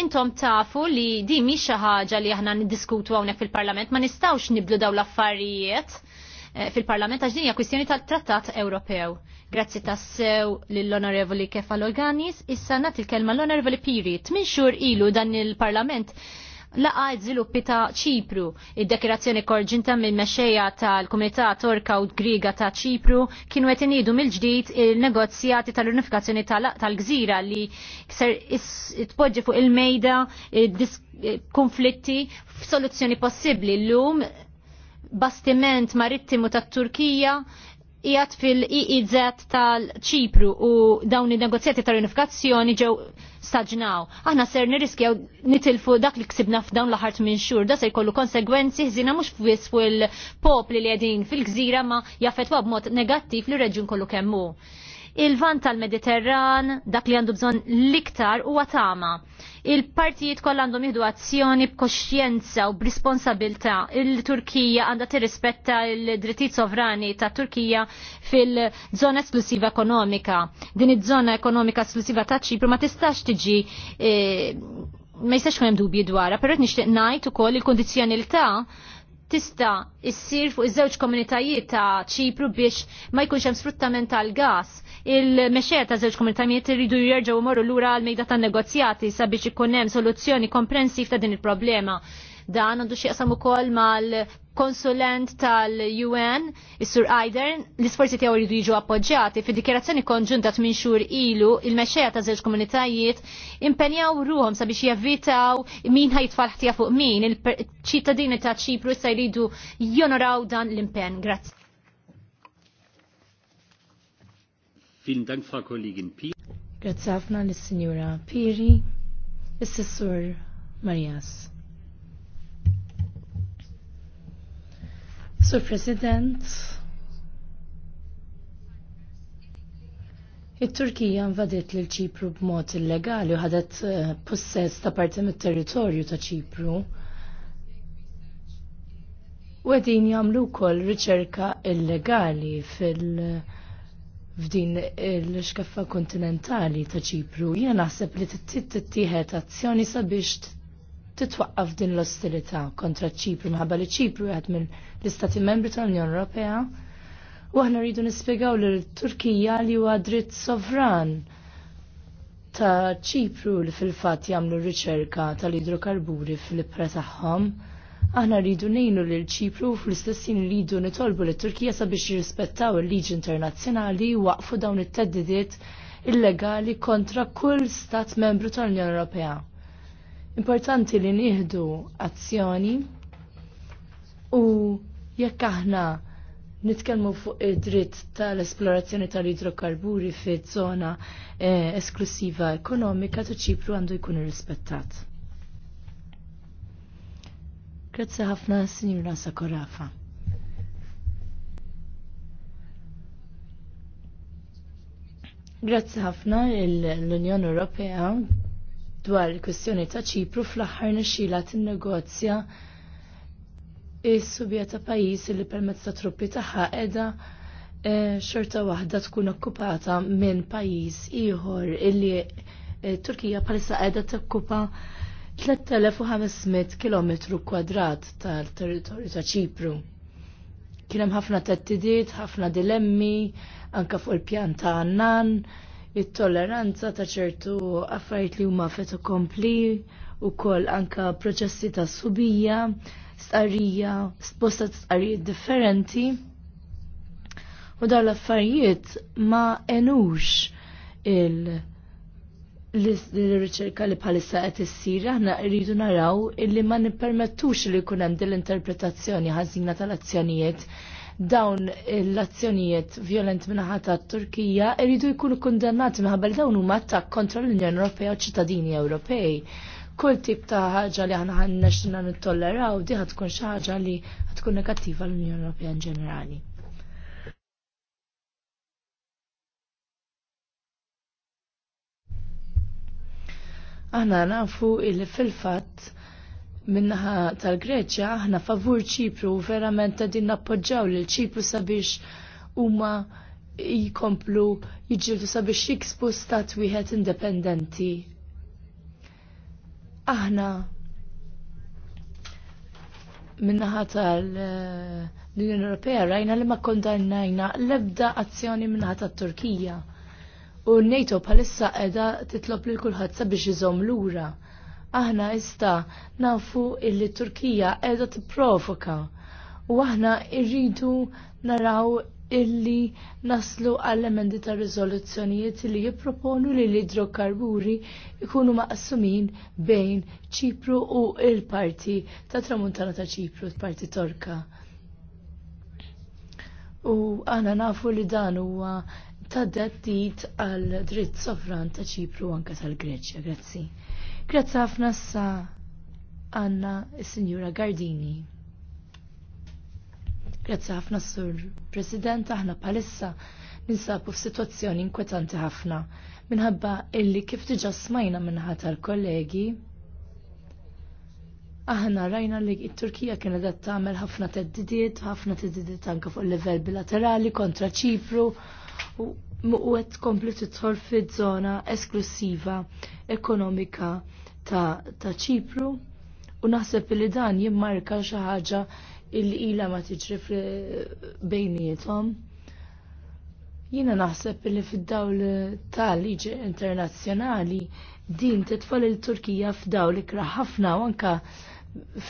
intom tafu li di mi ħaġa li aħna niddiskutu hawnhekk fil-Parlament ma nistgħux niblu daw l-affarijiet eh, fil-Parlament għax dinja kwistjoni tal-Trattat Ewropew. Grazzi tassew lill-Onorevoli Kefal Organis, issa nagħti il-kelma l-Onorevoli Piri. Tmin xhur ilu dan il-Parlament laqa żviluppi ta' Ċipru, id-dekirazzjoni korġinta minn mexxejja tal-Komunità Torka u Griga ta' Ċipru kienu qed inidu mill-ġdid il-negozjati tal-unifikazzjoni tal-gżira li ser tpoġġi fuq il-mejda konflitti f'soluzzjoni possibbli llum bastiment marittimu tat-Turkija jgħat fil-EEZ tal-Ċipru u dawn in-negozjati tal-unifikazzjoni ġew staġnaw. Aħna ser nirriskjaw nitilfu dak li ksibna f'dawn l-aħart minn xhur, da se jkollu konsegwenzi ħżina mhux fis l popli li qegħdin fil-gżira ma jaffettwa b'mod negattiv li reġjun kollu kemm hu. Il-vant tal-Mediterran, dak li għandu bżonn l-iktar huwa tama Il-partijiet kollha għandhom jieħdu azzjoni b'koxjenza u b'responsabilità. Il-Turkija għandha tirrispetta l-drittijiet sovrani ta' Turkija fil-żona esklusiva ekonomika. Din iż-żona ekonomika esklusiva ta' Ċipru ma tistax tiġi eh, ma jistax hemm dubji dwarha, però qed nixtieq ngħid ukoll il ta' tista' issir fuq iż-żewġ komunitajiet ta' Ċipru biex ma jkunx hemm sfruttament tal-gas. il mexej ta' żewġ komunitajiet iridu jerġgħu jmorru lura għal mejda tan-negozjati sabiex ikun hemm soluzzjoni komprensiv ta' din il-problema. Dan għandu xieqsam ukoll mal konsulent tal-UN, is-Sur Aider, l-isforzi tiegħu jridu jiġu appoġġjati fid-dikjerazzjoni konġunta minn xhur ilu il-mexxejja ta' żewġ komunitajiet impenjaw ruhom sabiex jevitaw min ħajtfal ħtija fuq min, il-ċittadini ta' Ċipru issa jridu jonoraw dan l-impenn. Grazzi. Vielen Dank, Frau Kollegin Piri. Grazie ħafna l signora Piri, is-Sissur Marias. Sur President, Il-Turkija invadiet l ċipru b'mod illegali u ħadet possess ta' parti mit-territorju ta' ċipru. U għedin jamlu kol riċerka illegali fil- f'din l-xkaffa kontinentali ta' ċipru. Jena naħseb li t-tittieħed azzjoni sabiex titwaqqaf din l-ostilità kontra ċipru maħba li ċipru għad minn l-Istati Membri tal-Unjoni Ewropea. U aħna rridu nispjegaw li l-Turkija li huwa dritt sovran ta' ċipru li fil-fatt jagħmlu riċerka tal-idrokarburi fil-ipra tagħhom. Aħna rridu ngħinu li l-ċipru fl istess li rridu nitolbu li turkija sabiex jirrispettaw il-liġi internazzjonali waqfu dawn it-teddidiet illegali kontra kull stat membru tal-Unjoni Ewropea. Importanti li nieħdu azzjoni u jekk aħna nitkellmu fuq id-dritt tal-esplorazzjoni tal-idrokarburi fi żona eh, esklusiva ekonomika ta' Ċipru għandu jkun irrispettat. Grazzi ħafna Sinjura Sakorafa. Grazzi ħafna l-Unjoni Ewropea dwar il-kwestjoni ta' ċipru fl-aħħar nixxila tinnegozja is-subja ta' pajjiż li permezz ta' truppi tagħha qiegħda eh, xorta waħda tkun okkupata minn pajjiż ieħor illi eh, Turkija bħalissa qiegħda tokkupa 3500 km kwadrat tal-territorju ta' ċipru. Kien hemm ħafna tettidiet, ħafna dilemmi, anka fuq il-pjan ta' Annan, it-tolleranza ta' ċertu affarijiet li huma fetu kompli u kol anka proċessi ta' subija, starija, sposta starijiet differenti. U dawn l-affarijiet ma enux il- l-riċerka li bħalissa qed issir aħna rridu naraw illi ma nippermettux li jkun hemm dil-interpretazzjoni ħażina tal-azzjonijiet dawn l-azzjonijiet violent minnaħata Turkija iridu jkunu kundannati minħabba li dawn huma attakk kontra l-Unjoni Ewropea u ċittadini Ewropej. Kull tip ta' ħaġa li aħna ħannex nittolleraw di ħatkun xi ħaġa li ħatkun negattiva l-Unjoni Ewropea in ġenerali. Aħna nafu il fil-fatt minnaħa tal-Greċja aħna favur ċipru verament ta' din nappoġġaw lil ċipru sabiex huma jikomplu jiġġieldu sabiex jiksbu stat wieħed indipendenti. Aħna minnaħa tal-Unjoni Ewropea rajna li ma kondannajna l-ebda azzjoni minnaħa tat-Turkija. U n-NATO bħalissa qiegħda titlob lil kulħadd sabiex iżomm lura. Aħna ista nafu illi Turkija qiegħda tipprovoka u aħna rridu naraw illi naslu għall-emendi ta' rizoluzzjonijiet li jipproponu li l-idrokarburi ikunu maqsumin bejn ċipru u il-parti ta' tramuntana ta' ċipru, parti torka. U għana nafu li dan huwa ta' dettit għal dritt sovran ta' ċipru anka tal-Greċja. Grazzi. Grazzi ħafna sa Anna s-Sinjura Gardini. Grazzi ħafna sur President aħna palissa ninsabu f'sitwazzjoni inkwetanti ħafna minħabba illi kif diġa smajna minnħa tal-kollegi Aħna rajna li t-Turkija kienet qed tagħmel ħafna teddidiet, ħafna teddidiet anke fuq livell bilaterali kontra Ċipru, u qed tkompli tidħol fi żona esklusiva ekonomika ta', ta Ċipru u naħseb li dan jimmarka xi ħaġa illi ila ma tiġri bejniethom. Jiena naħseb li fid-dawl tal-liġi internazzjonali din titfal il-Turkija f'dawl ikra ħafna u anka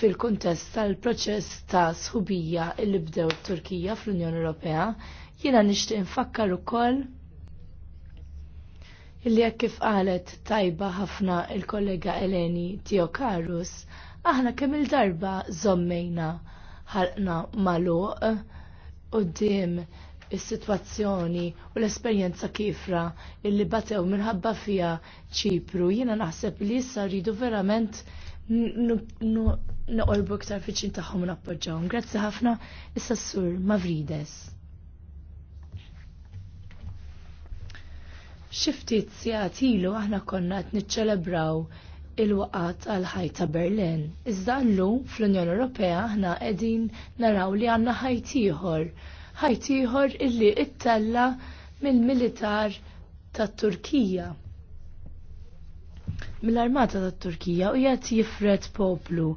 fil-kontest tal-proċess ta' sħubija illi bdew Turkija fl-Unjoni Ewropea Jiena nixtieq infakkar ukoll illi jekk kif qalet tajba ħafna il-kollega Eleni Tiokarus, aħna kemm il-darba żommejna ħalqna maluq qudiem is-sitwazzjoni u l-esperjenza kifra illi batew minħabba fija ċipru. Jiena naħseb li issa rridu verament noqolbu iktar fiċin tagħhom u nappoġġawhom. Grazzi ħafna issa s-sur Mavrides. Xiftit sigħat ilu aħna konna qed niċċelebraw il-waqat għal ħajta Berlin. Iżda llum fl-Unjoni Ewropea aħna qegħdin naraw li għandna ħajt ieħor. Ħajt ieħor illi ittella mill-militar tat-Turkija. Mill-armata tat-Turkija u jgħat jifred poplu.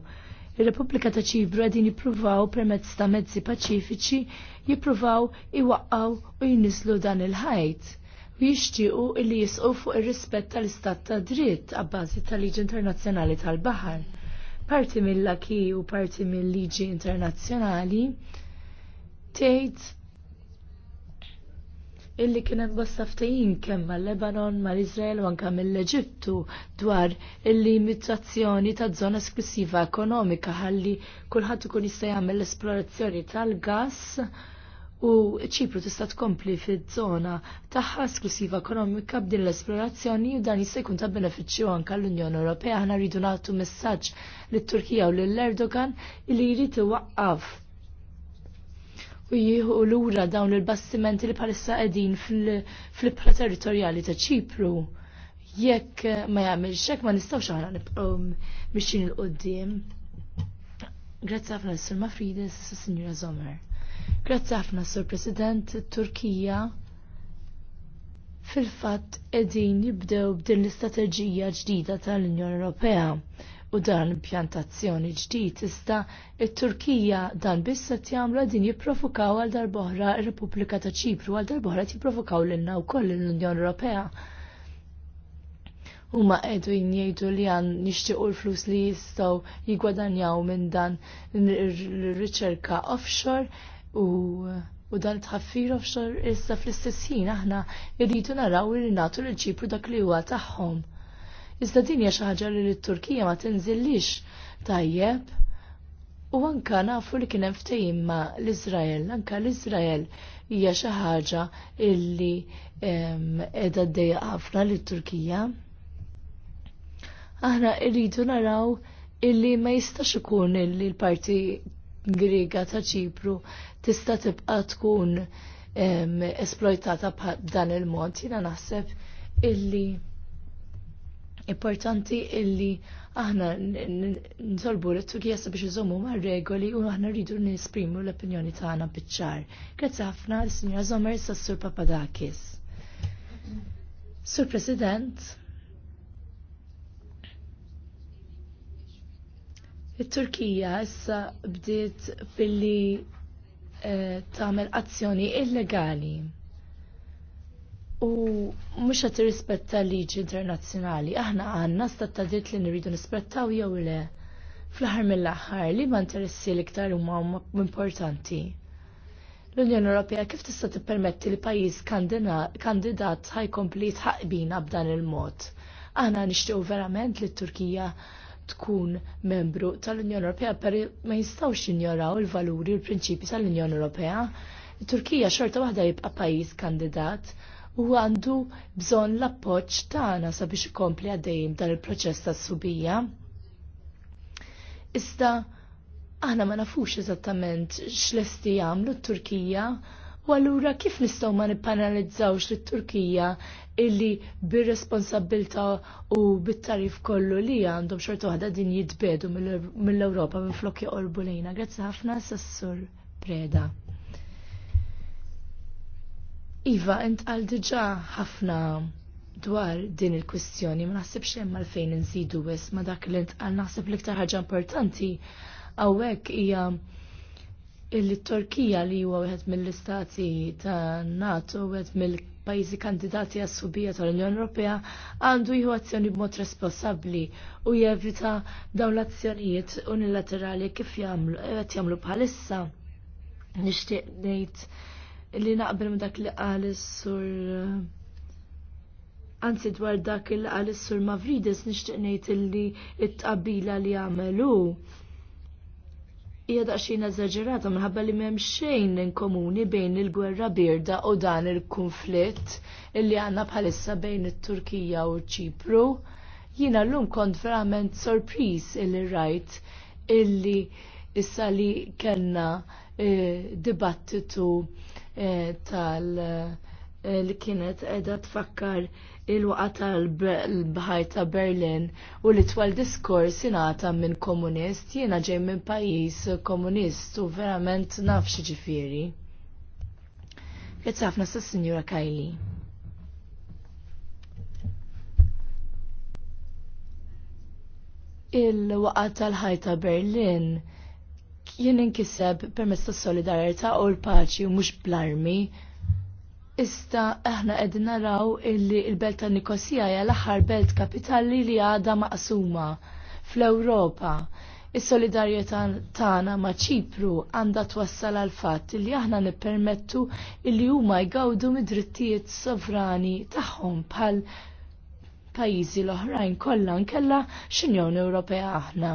Ir-Repubblika ta' Ċipru qegħdin jippruvaw permezz ta' mezzi paċifiċi jippruvaw iwaqqaw u jinislu dan il-ħajt u jixtiequ li jisqu fuq ir-rispett tal-istat ta' dritt għabbażi tal-liġi internazzjonali tal-baħar. Parti mill-laki u parti mill-liġi internazzjonali tgħid illi kien hemm bosta ftehim kemm mal-Lebanon, mal-Iżrael u anke mill-Eġittu dwar il-limitazzjoni ta' żona esklusiva ekonomika ħalli kulħadd ikun jista' jagħmel l-esplorazzjoni tal-gass u ċipru tista' tkompli fiż-żona tagħha esklusiva ekonomika b'din l-esplorazzjoni u dan jista' jkun ta' benefiċċju anke l-Unjoni Ewropea aħna rridu nagħtu messaġġ lit-Turkija u lill-Erdogan li jrid iwaqqaf u jieħu lura dawn il-bastimenti li palissa qegħdin fl-ibħra territorjali ta' ċipru. Jekk ma jagħmilx hekk ma nistgħux aħna nibqgħu mixin il-qudiem. Grazzi ħafna Sir Mafrides, Sinjura Zomer. Grazzi ħafna, Sur President, Turkija fil-fatt edin jibdew b'din l-istrateġija ġdida tal-Unjoni Ewropea u dan l-impjantazzjoni ġdid tista' it-Turkija dan biss qed jagħmlu din jipprovokaw għal darbohra r-Repubblika ta' Ċipru għal darbohra qed jipprovokaw lilna wkoll l-Unjoni Ewropea. Huma qegħdu jgħidu li għan nixtiequ l-flus li jistgħu jigwadanjaw minn dan ir-riċerka offshore u u dan tħaffir offshore issa fl-istess ħin aħna irridu naraw li nagħtu lil ċipru dak li huwa tagħhom. Iżda din hija xi ħaġa li t-Turkija ma tinżillix tajjeb u anka nafu li kien hemm ftehim ma' l-Iżrael, anka l-Iżrael hija xi ħaġa illi qiegħda ddejja ħafna lit-Turkija. Aħna rridu naraw illi ma jistax ikun illi l-parti Griega ta' Ċipru tista' tibqa' tkun esploitata b'dan il-mod. Jiena naħseb illi importanti illi aħna nsolbu l-Turkija biex iżommu ma' regoli u aħna rridu nisprimu l-opinjoni tagħna biċ-ċar. Grazzi ħafna l-Sinjora Zomer sas-Sur Papadakis. Sur President, Il-Turkija issa bdiet billi eh, tagħmel azzjoni illegali u mhux qed rispetta liġi internazzjonali. Aħna għandna statta dit li nridu nispettaw jew le. Fl-aħħar mill-aħħar li ma interessi l-iktar huma importanti l-Unjoni Ewropea kif tista' tippermetti li pajjiż kandidat ħajkompli jitħaqbina b'dan il-mod. Aħna nixtiequ verament li t-Turkija tkun membru tal-Unjoni Ewropea, per ma jistawx ignoraw il-valuri u l-prinċipi tal-Unjoni Ewropea. Turkija xorta waħda jibqa' pajjiż kandidat u għandu bżonn l-appoġġ tagħna sabiex ikompli għaddejjem dan il-proċess tas-subija. Iżda aħna ma nafux eżattament x'lesti jagħmlu t-Turkija u allura kif nistgħu ma nippanalizzawx lit-Turkija illi bir-responsabilta u bit-tarif kollu li għandhom xortu waħda din jitbedu mill-Ewropa minn flokki orbu lejna. Grazzi ħafna sassur Preda. Iva, int għal diġa ħafna dwar din il-kwistjoni ma naħsibx hemm għalfejn nżidu wis ma dak li ntqal naħseb l-iktar ħaġa importanti hawnhekk hija il-Turkija li huwa wieħed mill-istati ta' NATO wieħed mill pajjiżi kandidati għas subija tal-Unjoni Ewropea għandu jieħu azzjoni b'mod responsabbli u jevita dawn l-azzjonijiet unilaterali kif jagħmlu qed jagħmlu bħalissa. Nixtieq ngħid li naqbel minn dak li qal sur Anzi dwar dak il-qal sur Mavridis nixtieq ngħid illi t tqabila li għamelu hija daqsxejn eżaġerata minħabba li m'hemm xejn in komuni bejn il-gwerra birda u dan il-kunflitt illi għandna bħalissa bejn it-Turkija u ċipru. Jiena llum kont verament sorpriż illi rajt illi issa li kellna eh, dibattitu eh, tal- eh, li kienet edha tfakkar il-waqa tal-bħaj ta' Berlin u li twal diskors jingħata minn komunist, jiena ġej minn pajjiż komunist u verament naf ġifiri. ġifieri. Grazzi ħafna sa' Sinjura Kajli. Il-waqa tal-ħaj ta' Berlin jien inkiseb permezz tas-solidarjetà u l-paċi u mhux bl-armi Ista, aħna edna naraw illi l-belt ta' Nikosija hija l-aħħar belt kapitali li għadha maqsuma fl-Ewropa. Is-solidarjetà tagħna ma' Ċipru għandha twassal għal fatt li aħna nippermettu li huma jgawdu mid-drittijiet sovrani tagħhom bħal pajjiżi l-oħrajn kollha nkella x'Unjoni Ewropea aħna.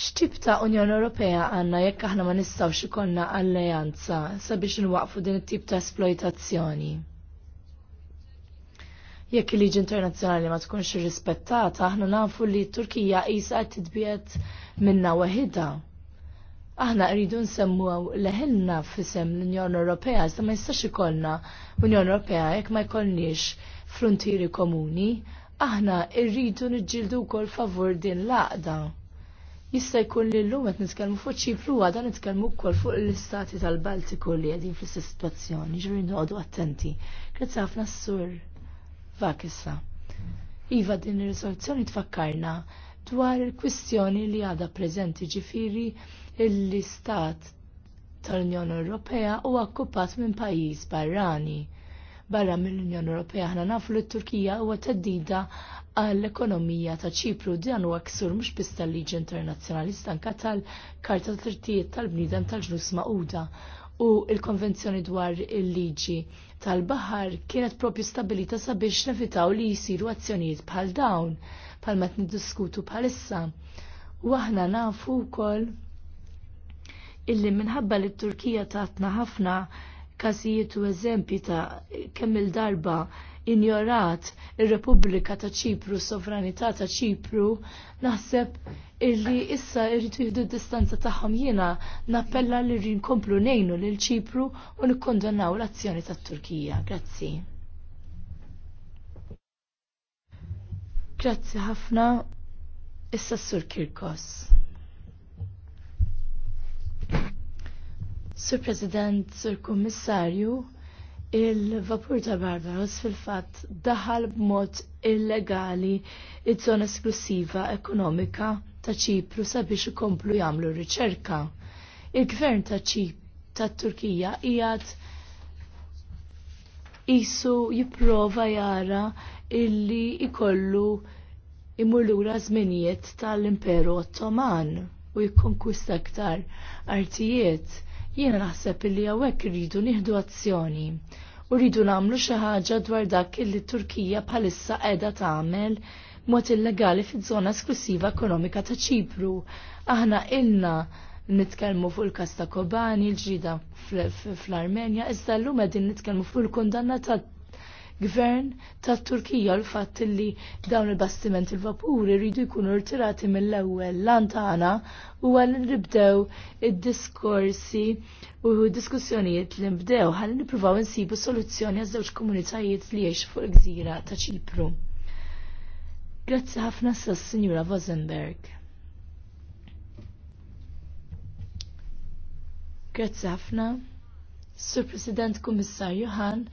X'tip ta' Unjoni Ewropea għandna jekk aħna ma nistgħux ikollna alleanza sabiex inwaqfu din it-tip ta' esploitazzjoni? Jekk il-liġi internazzjonali ma tkunx irrispettata, aħna nafu li t-Turkija qisha qed titbiet minna waħedha. Aħna rridu nsemmu leħilna f'isem l-Unjoni Ewropea, iżda ma jistax ikollna Unjoni Ewropea jekk ma jkollniex frontieri komuni, aħna rridu niġġieldu wkoll favur din l-aqda. Jista' jkun li llum qed nitkellmu fuq ċipru għadha nitkellmu wkoll fuq l-istati tal-Baltiku li qegħdin fl sitwazzjoni, ġifieri noqogħdu attenti. Grazzi ħafna s-sur Vakissa. Iva din ir-riżoluzzjoni tfakkarna dwar il-kwistjoni li għadha preżenti ġifiri l-istat tal-Unjoni Ewropea huwa akkupat minn pajjiż barrani barra mill-Unjoni Ewropea. Aħna nafu li t-Turkija huwa teddida għall-ekonomija ta' ċipru dan huwa ksur mhux biss tal-liġi internazzjonali stanka tal-Karta Trittijiet tal-Bniedem tal-Ġnus Mauda u il-konvenzjoni dwar il-liġi tal-baħar kienet propju stabilita sabiex nevitaw li jisiru azzjonijiet bħal dawn bħal ma niddiskutu bħalissa. U aħna nafu wkoll illi minħabba li t-Turkija tatna ħafna każijiet u eżempji ta' kemm il-darba injorat ir-Repubblika ta' Ċipru, s-sovranità ta' Ċipru, naħseb illi issa irritu jihdu distanza tagħhom jiena nappella li rinkomplu nejnu lil Ċipru u nikkondannaw l-azzjoni tat-Turkija. Grazzi. Grazzi ħafna. Issa s-Sur Kirkos. Sur President, Sur Kommissarju, il-vapur ta' Barbaros fil-fatt daħal b'mod illegali iż-żona esklusiva ekonomika ta' Ċipru sabiex ikomplu jagħmlu riċerka. Il-gvern ta' Ċip ta' Turkija qiegħed isu jipprova jara illi ikollu imur lura żminijiet tal-Imperu Ottoman u jikkonkwista aktar artijiet Jiena naħseb illi hawnhekk rridu nieħdu azzjoni u rridu nagħmlu xi ħaġa dwar dak li Turkija bħalissa qiegħda tagħmel mod illegali fiż-żona esklusiva ekonomika ta' Ċipru. Aħna ilna nitkellmu fuq il kasta Kobani, l-ġrida fl-Armenja, iżda llum qegħdin nitkellmu fuq il-kundanna ta' gvern ta' Turkija l fatt li dawn il-bastiment il-vapur irridu jkunu rtirati mill-ewwel lantana u għal nibdew id-diskorsi u diskussjonijiet li nbdew ħalli nippruvaw insibu soluzzjoni għaz żewġ komunitajiet li jiex fuq il-gżira ta' Ċipru. Grazzi ħafna sas-Sinjura Vosenberg. Grazzi ħafna. Sur President Kummissar Johan,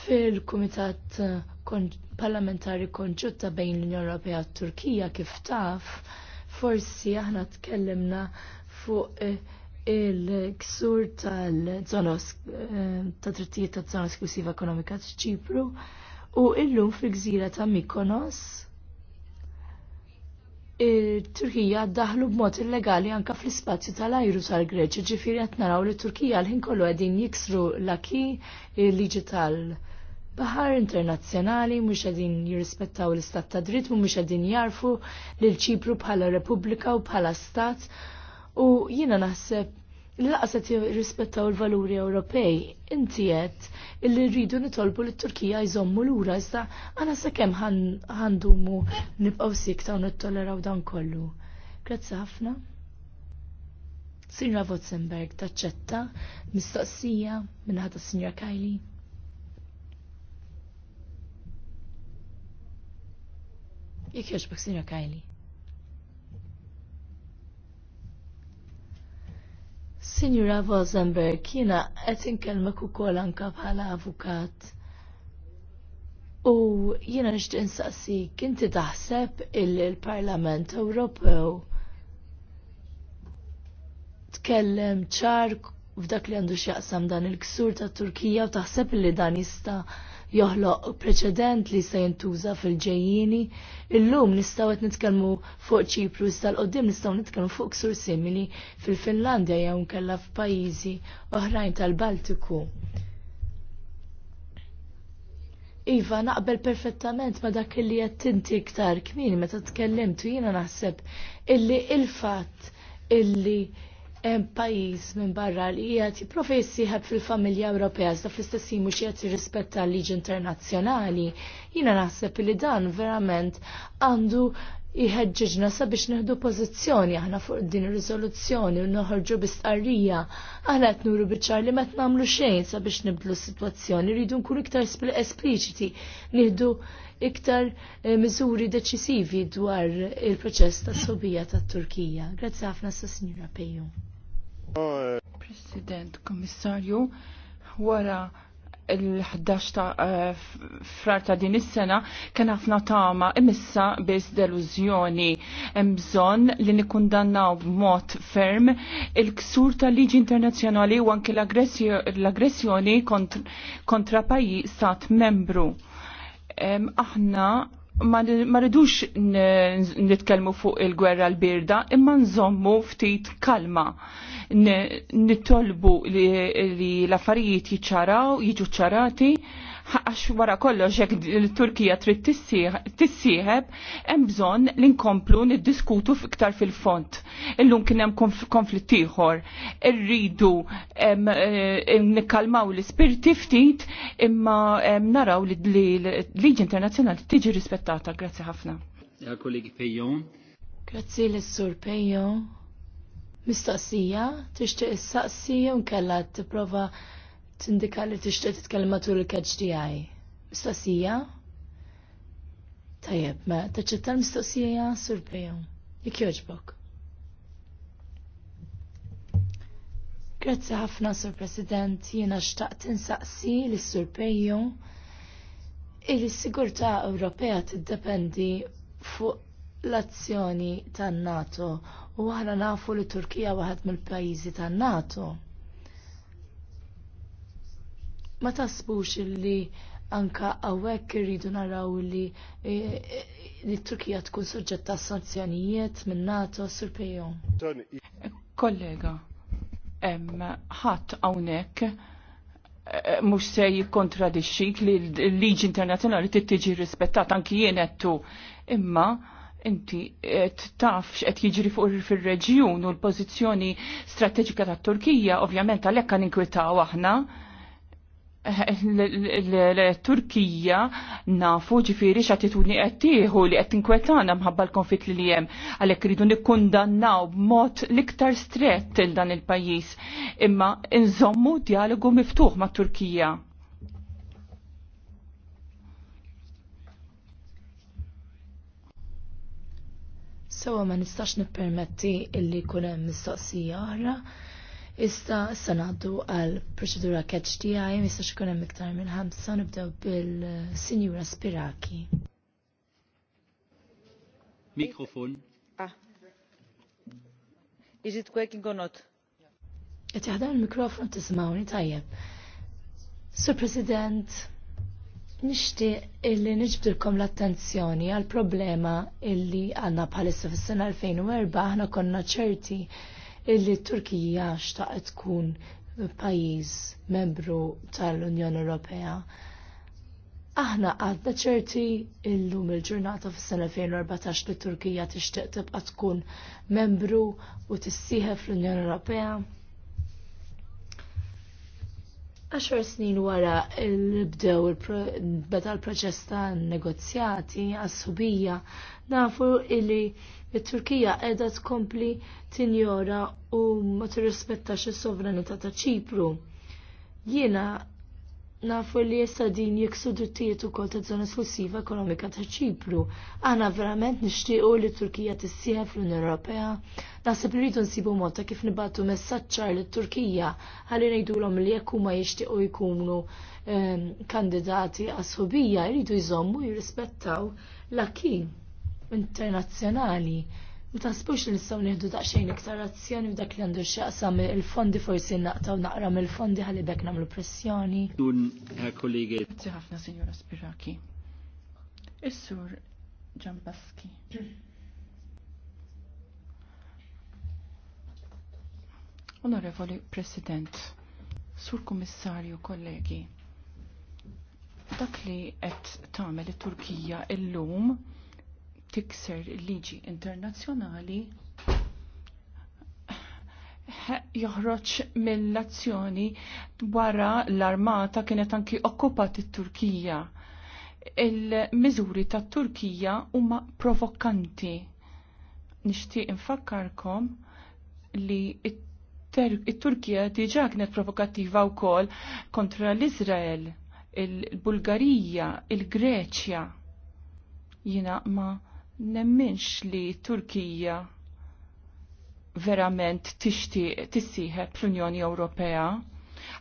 fil-Kumitat eh, Parlamentari Konġutta bejn l-Unjoni Ewropea u Turkija kif taf, forsi aħna tkellimna fuq eh, il-ksur tal-zonos eh, ta' trittijiet ta' zona esklusiva ekonomika ta' ċipru u illum fil-gżira ta' Mikonos il-Turkija daħlu b'mod illegali anka fl-ispazju tal-ajru tal-Greċi, ġifiri għat naraw li Turkija l-ħin kollu għedin jiksru l-aki liġi tal-Bahar Internazzjonali, mux għedin jirrispettaw l-istat ta' dritt, mux għedin jarfu l-ċipru bħala Repubblika u bħala Stat, u jina naħseb l-laqset jirrispettaw il-valuri Ewropej, inti jett illi rridu nitolbu li t-Turkija jżommu lura iżda għana sakemm ħandumu nibqgħu sikta u nittoleraw dan kollu. Grazzi ħafna. Sinra Votzenberg taċċetta mistoqsija minnaħta Sinra Kajli. Jekk jogħġbok Sinra Kajli. Signora Vosenberg, jina qed inkellmek ukoll anke bħala avukat. U jiena nixtieq insaqsik, inti taħseb il-Parlament Ewropew tkellem ċar f'dak li għandu x'jaqsam dan il-ksur ta' Turkija u taħseb li dan jista' joħloq preċedent li se jintuża fil-ġejjini. Illum nistgħu qed nitkellmu fuq Ċipru iżda l-qoddim nistgħu nitkellmu fuq ksur simili fil-Finlandja jew nkella f'pajjiżi oħrajn tal-Baltiku. Iva, naqbel perfettament ma dak li qed tinti iktar kmini meta tkellimt u jiena naħseb illi il-fatt illi hemm pajjiż minn barra li qiegħed jipprofi jissieħeb fil-familja Ewropea iżda fl-istess jiem mhux qiegħed jirrispetta l-liġi internazzjonali, jiena naħseb li dan verament għandu jħeġġiġna sabiex neħdu pożizzjoni aħna fuq din ir-riżoluzzjoni u noħorġu bistqarrija. Aħna qed nuru biċċar li meta nagħmlu xejn sabiex nibdlu s-sitwazzjoni, rridu nkunu iktar espliċiti, nieħdu iktar eh, miżuri deċisivi dwar il-proċess tas-sobija tat-Turkija. Grazzi ħafna sa' Sinjura Pejju. President, Komissarju, wara il-11 ta' eh, frar ta' din is-sena kien ħafna tama imissa biss deluzjoni hemm bżonn li nikkundannaw b'mod ferm il-ksur ta' liġi internazzjonali u anke l-aggressjoni kontra pajjiż stat membru. Aħna ma ridux nitkellmu fuq il-gwerra l-birda imma nżommu ftit kalma nitolbu li l-affarijiet jiċċaraw, jiġu ċarati, għax wara kollox jekk l-Turkija trid tissieħeb, hemm bżonn li nkomplu niddiskutu iktar fil-font. Illum kien hemm konflitt ieħor. Irridu eh, nikkalmaw l-ispirti ftit imma naraw li l-liġi internazzjonali tiġi rispettata. Grazzi ħafna. Ja kollegi Pejon. Grazzi l-Sur Pejon mistoqsija, tixtieq unkella t nkella tipprova tindika li tixtieq titkellem matul il-catch tiegħi. Mistoqsija? Tajjeb, ma mela, taċċetta l-mistoqsija sur Jek Jekk jogħġbok. Grazzi ħafna, Sur President, jiena xtaqt insaqsi l-Sur il-sigurta Ewropea tiddependi fuq l-azzjoni tan-NATO u aħna nafu li Turkija waħed mill-pajjiżi tan-NATO. Ma tasbux li anka għawek rridu naraw li e, e, li Turkija tkun ta' sanzjonijiet minn NATO sur Kollega, ħadd hawnhekk e, mux se jikontradixxik li l-liġi internazzjonali tittiġi rispettata anki jienettu imma inti qed taf x'qed jiġri fuq fir-reġjun u l-pożizzjoni strateġika tat-Turkija ovvjament għalhekk kan inkwitaw aħna. Turkija nafu ġifiri xatituni qed tieħu li qed tinkwetana mħabba l-konflitt li hemm għalhekk iridu nikkundannaw b'mod l-iktar strett il dan il-pajjiż imma nżommu dialogu miftuħ mat Turkija Sewa ma nistax nippermetti illi kunem mistoqsija oħra. Issa se naddu għal proċedura catch tiegħi ma jistax ikun hemm iktar minn ħamsa nibdew bil-Sinjura Spiraki. Mikrofon. Ah. Is it working or not? Qed jaħdem il-mikrofon tismawni tajjeb. Sur President, Nishti illi nġbdilkom l-attenzjoni għal problema illi għanna bħalissa fis-sena 2004 aħna konna ċerti illi Turkija xtaqet tkun pajjiż membru tal-Unjoni Ewropea. Aħna għadna ċerti illum il-ġurnata fis-sena 2014 li Turkija tixtieq tibqa' tkun membru u tissieħeb fl-Unjoni Ewropea. Għaxar snin wara il-bdew il-beta l-proċess ta' negozjati għas-subija nafu illi il-Turkija edha tkompli tinjora u ma tirrispettax is-sovranità ta' Ċipru. Jiena nafu li jessa din jeksu drittijiet ukoll ta' żona esklusiva ekonomika ta' ċipru. Aħna verament nixtiequ li Turkija tissieħeb fl-Unjoni Ewropea. Naħseb li rridu nsibu mod ta' kif nibatu messaċċar li Turkija l ngħidulhom li jekk huma jixtiequ jkunu ehm, kandidati għas jridu jżommu jirrispettaw l-akki internazzjonali. Ma taħsbux li nistgħu nieħdu daqsxejn iktar azzjoni dak li għandu x'jaqsam il-fondi forsi naqtaw naqra mill-fondi ħalli bekk nagħmlu pressjoni. Dun eh, kollegi. ħafna Sinjura Spiraki. Is-sur Ġambaski. Onorevoli President, Sur Kummissarju, kollegi, dak li qed tagħmel it-Turkija illum tikser il-liġi internazzjonali joħroġ mill-azzjoni wara l-armata kienet anki okkupat it-Turkija. Il-miżuri tat turkija huma provokanti. Nixtieq infakkarkom li it-Turkija diġà kienet provokattiva wkoll kontra l-Iżrael, il-Bulgarija, il-Greċja. Jina ma' nemminx li Turkija verament tixti tissieħeb fl-Unjoni Ewropea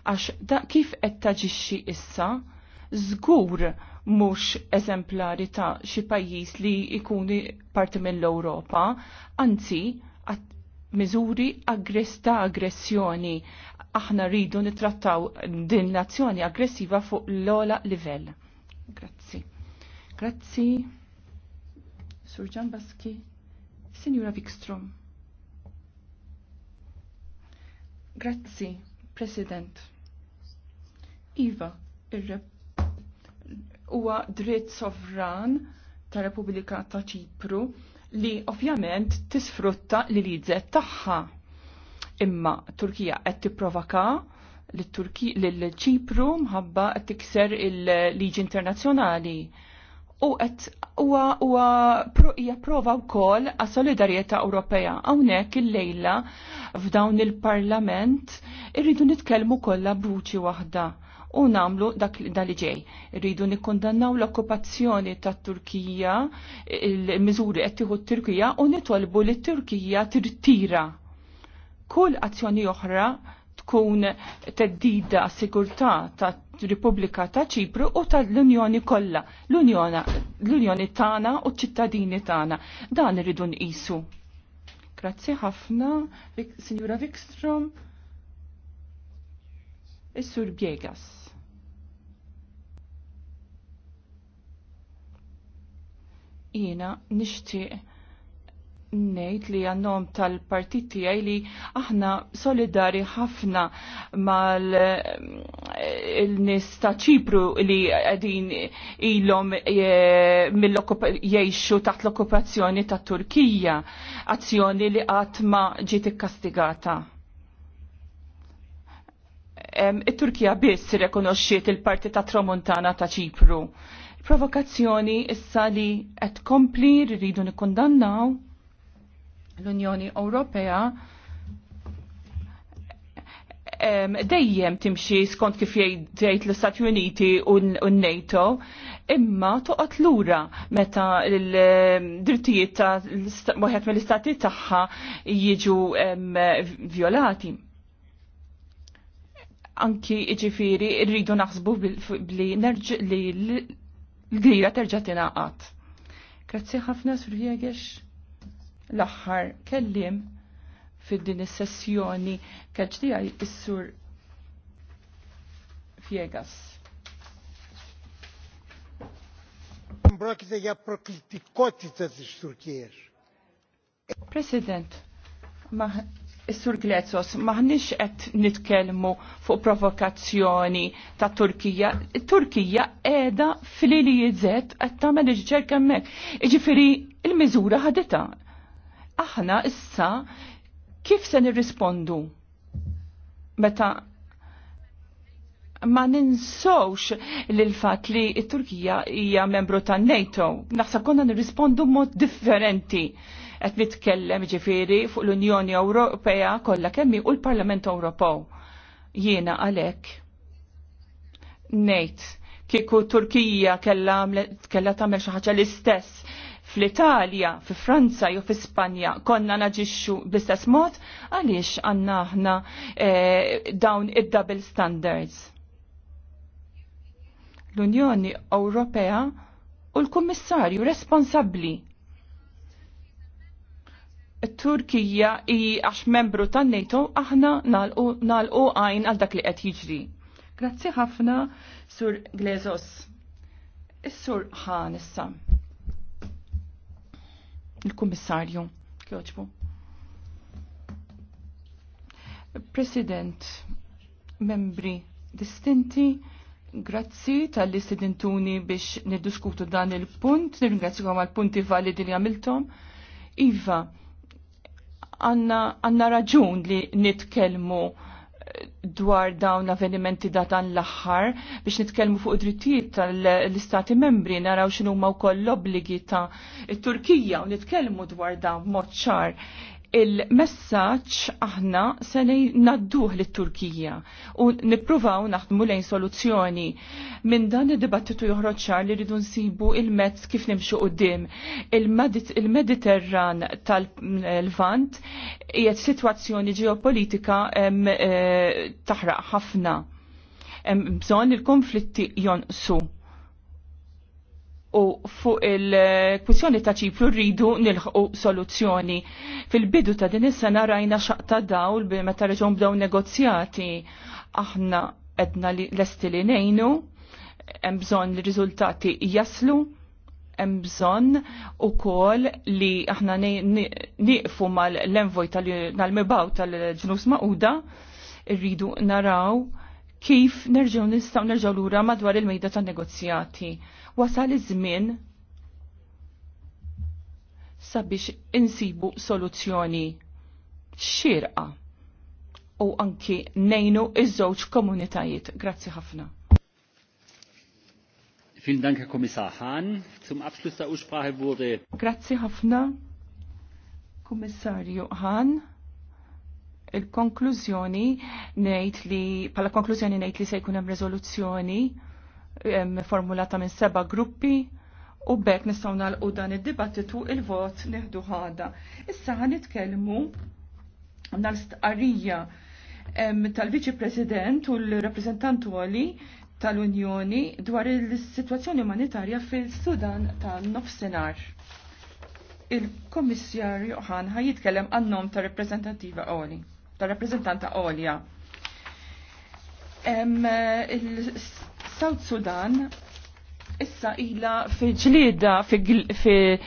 għax da kif qed taġixxi issa żgur mhux eżemplari ta' xi pajjiż li jkuni parti mill-Ewropa, anzi miżuri aggress ta' aggressjoni aħna rridu nitrattaw din nazzjoni aggressiva fuq l-ola livell. Grazzi. Grazzi. Sur Baski, Signora Wikstrom. Grazzi, President. Iva, huwa dritt sovran ta' Repubblika ta' Ċipru li ovvjament tisfrutta li liżet tagħha. Imma Turkija qed tipprovoka l-Ċipru mħabba qed tikser il-liġi internazzjonali u qed huwa huwa hija prova wkoll għas solidarjetà Ewropea. Hawnhekk illejla f'dawn il-Parlament irridu nitkellmu kollha bruċi waħda u namlu dak li ġej. Rridu nikkondannaw l-okkupazzjoni ta' Turkija, il-miżuri qed tieħu t-Turkija u nitolbu li t-Turkija tirtira. Kull azzjoni oħra tkun teddida sigurtà tat-Repubblika ta' Ċipru u tal-Unjoni kollha, l-Unjoni tagħna u ċ-ċittadini tagħna. Dan irridu nqisu. Grazzi ħafna, Sinjura Wikstrom. Is-Sur Biegas. Jiena nixtieq nejt li għannom tal-partit tijaj li aħna solidari ħafna mal eh, il-nis ta' ċipru li għedin ilom eh, jiexu taħt l-okkupazzjoni ta' Turkija, azzjoni li għatma ġiet ikkastigata. Il-Turkija biss rekonoxxiet il-parti ta' Tramontana ta' ċipru. Provokazzjoni issa li qed kompli rridu nikkondannaw L-Unjoni Ewropea dejjem timxi skont kif jgħid l-Istati Uniti u n-NATO, imma toqgħod lura meta l-drittijiet ta' wieħed mill-istati tagħha jiġu violati. Anki ġifiri rridu naħsbu li li l-glira terġa' tingħaqad. Grazzi ħafna sur l-aħħar kellim fid-din is-sessjoni keġdijaj is-sur Fiegas. President, is President, Sur Glezos, maħnix qed nitkellmu fuq provokazzjoni ta' Turkija. Turkija qiegħda fil-li qed tagħmel iġġer kemmek. Jiġifieri l-miżura ħadita, aħna issa kif se nirrispondu meta ma ninsowx l-fat li Turkija hija membru ta' NATO. Naħseb konna nirrispondu mod differenti. Qed nitkellem ġifieri fuq l-Unjoni Ewropea kollha kemm u l-Parlament Ewropew. Jiena għalhekk ngħid kieku Turkija kellha tagħmel xi ħaġa l-istess fl-Italja, fi Franza jew fi Spanja konna naġixxu bl-istess mod għaliex għandna aħna eh, dawn id-double standards. L-Unjoni Ewropea u l-Kummissarju responsabbli Turkija i għax membru tan NATO aħna nal-u għajn għal dak li qed jiġri. Grazzi ħafna, Sur Glezos. Is-Sur ħan issa il-Kummissarju Kjoċbu. President, membri distinti, Grazzi tal istidintuni sidintuni biex niddiskutu dan il-punt, għom għal-punti validi li għamiltom. Iva, għanna raġun li nitkelmu dwar dawn avvenimenti datan l-aħħar biex nitkellmu fuq drittijiet tal-istati membri naraw x'inhuma wkoll l-obbligi ta' it-Turkija u nitkellmu dwar dawn mod ċar il-messaġġ aħna se nadduh lit-Turkija u nippruvaw naħdmu lejn soluzzjoni. Minn dan id-dibattitu joħroċa li rridu nsibu il-mezz kif nimxu qudiem. Il-Mediterran tal-Lvant qiegħed sitwazzjoni ġeopolitika eh, taħraq ħafna. Bżonn il-konflitti jonqsu u fuq il-kwistjoni ta' ċipru rridu nilħu soluzzjoni. Fil-bidu ta' din is-sena rajna xaqta dawl bi meta reġgħu bdew negozjati aħna edna l lesti li nejnu, hemm bżonn li riżultati jaslu, hemm bżonn ukoll li aħna nieqfu mal-envoj tal-mibaw tal-ġnus maquda, rridu naraw kif nerġgħu nistgħu nerġgħu lura madwar il-mejda tan-negozjati wasal iż-żmien sabiex insibu soluzzjoni xirqa u anki nejnu iż-żewġ komunitajiet. Grazzi ħafna. Vielen Dank, Herr Kommissar Hahn. Zum Abschluss der Aussprache wurde... Grazie ħafna, Kommissarju Hahn. Il-konklużjoni nejt li, pala konklużjoni nejt li se jkun hemm formulata minn seba gruppi u bekk nistgħu nagħlqu dan id-dibattitu il-vot neħdu ħada. Issa nitkellmu l stqarrija tal-Viċi President u l-Rappresentantu għali tal-Unjoni dwar il-situazzjoni umanitarja fil-Sudan tan-nofsinhar. Il-Kommissar Johan ħaj jitkellem għannom ta' rappresentativa għoli, ta' rappresentanta għolja. South Sudan issa ila fi ġlieda fi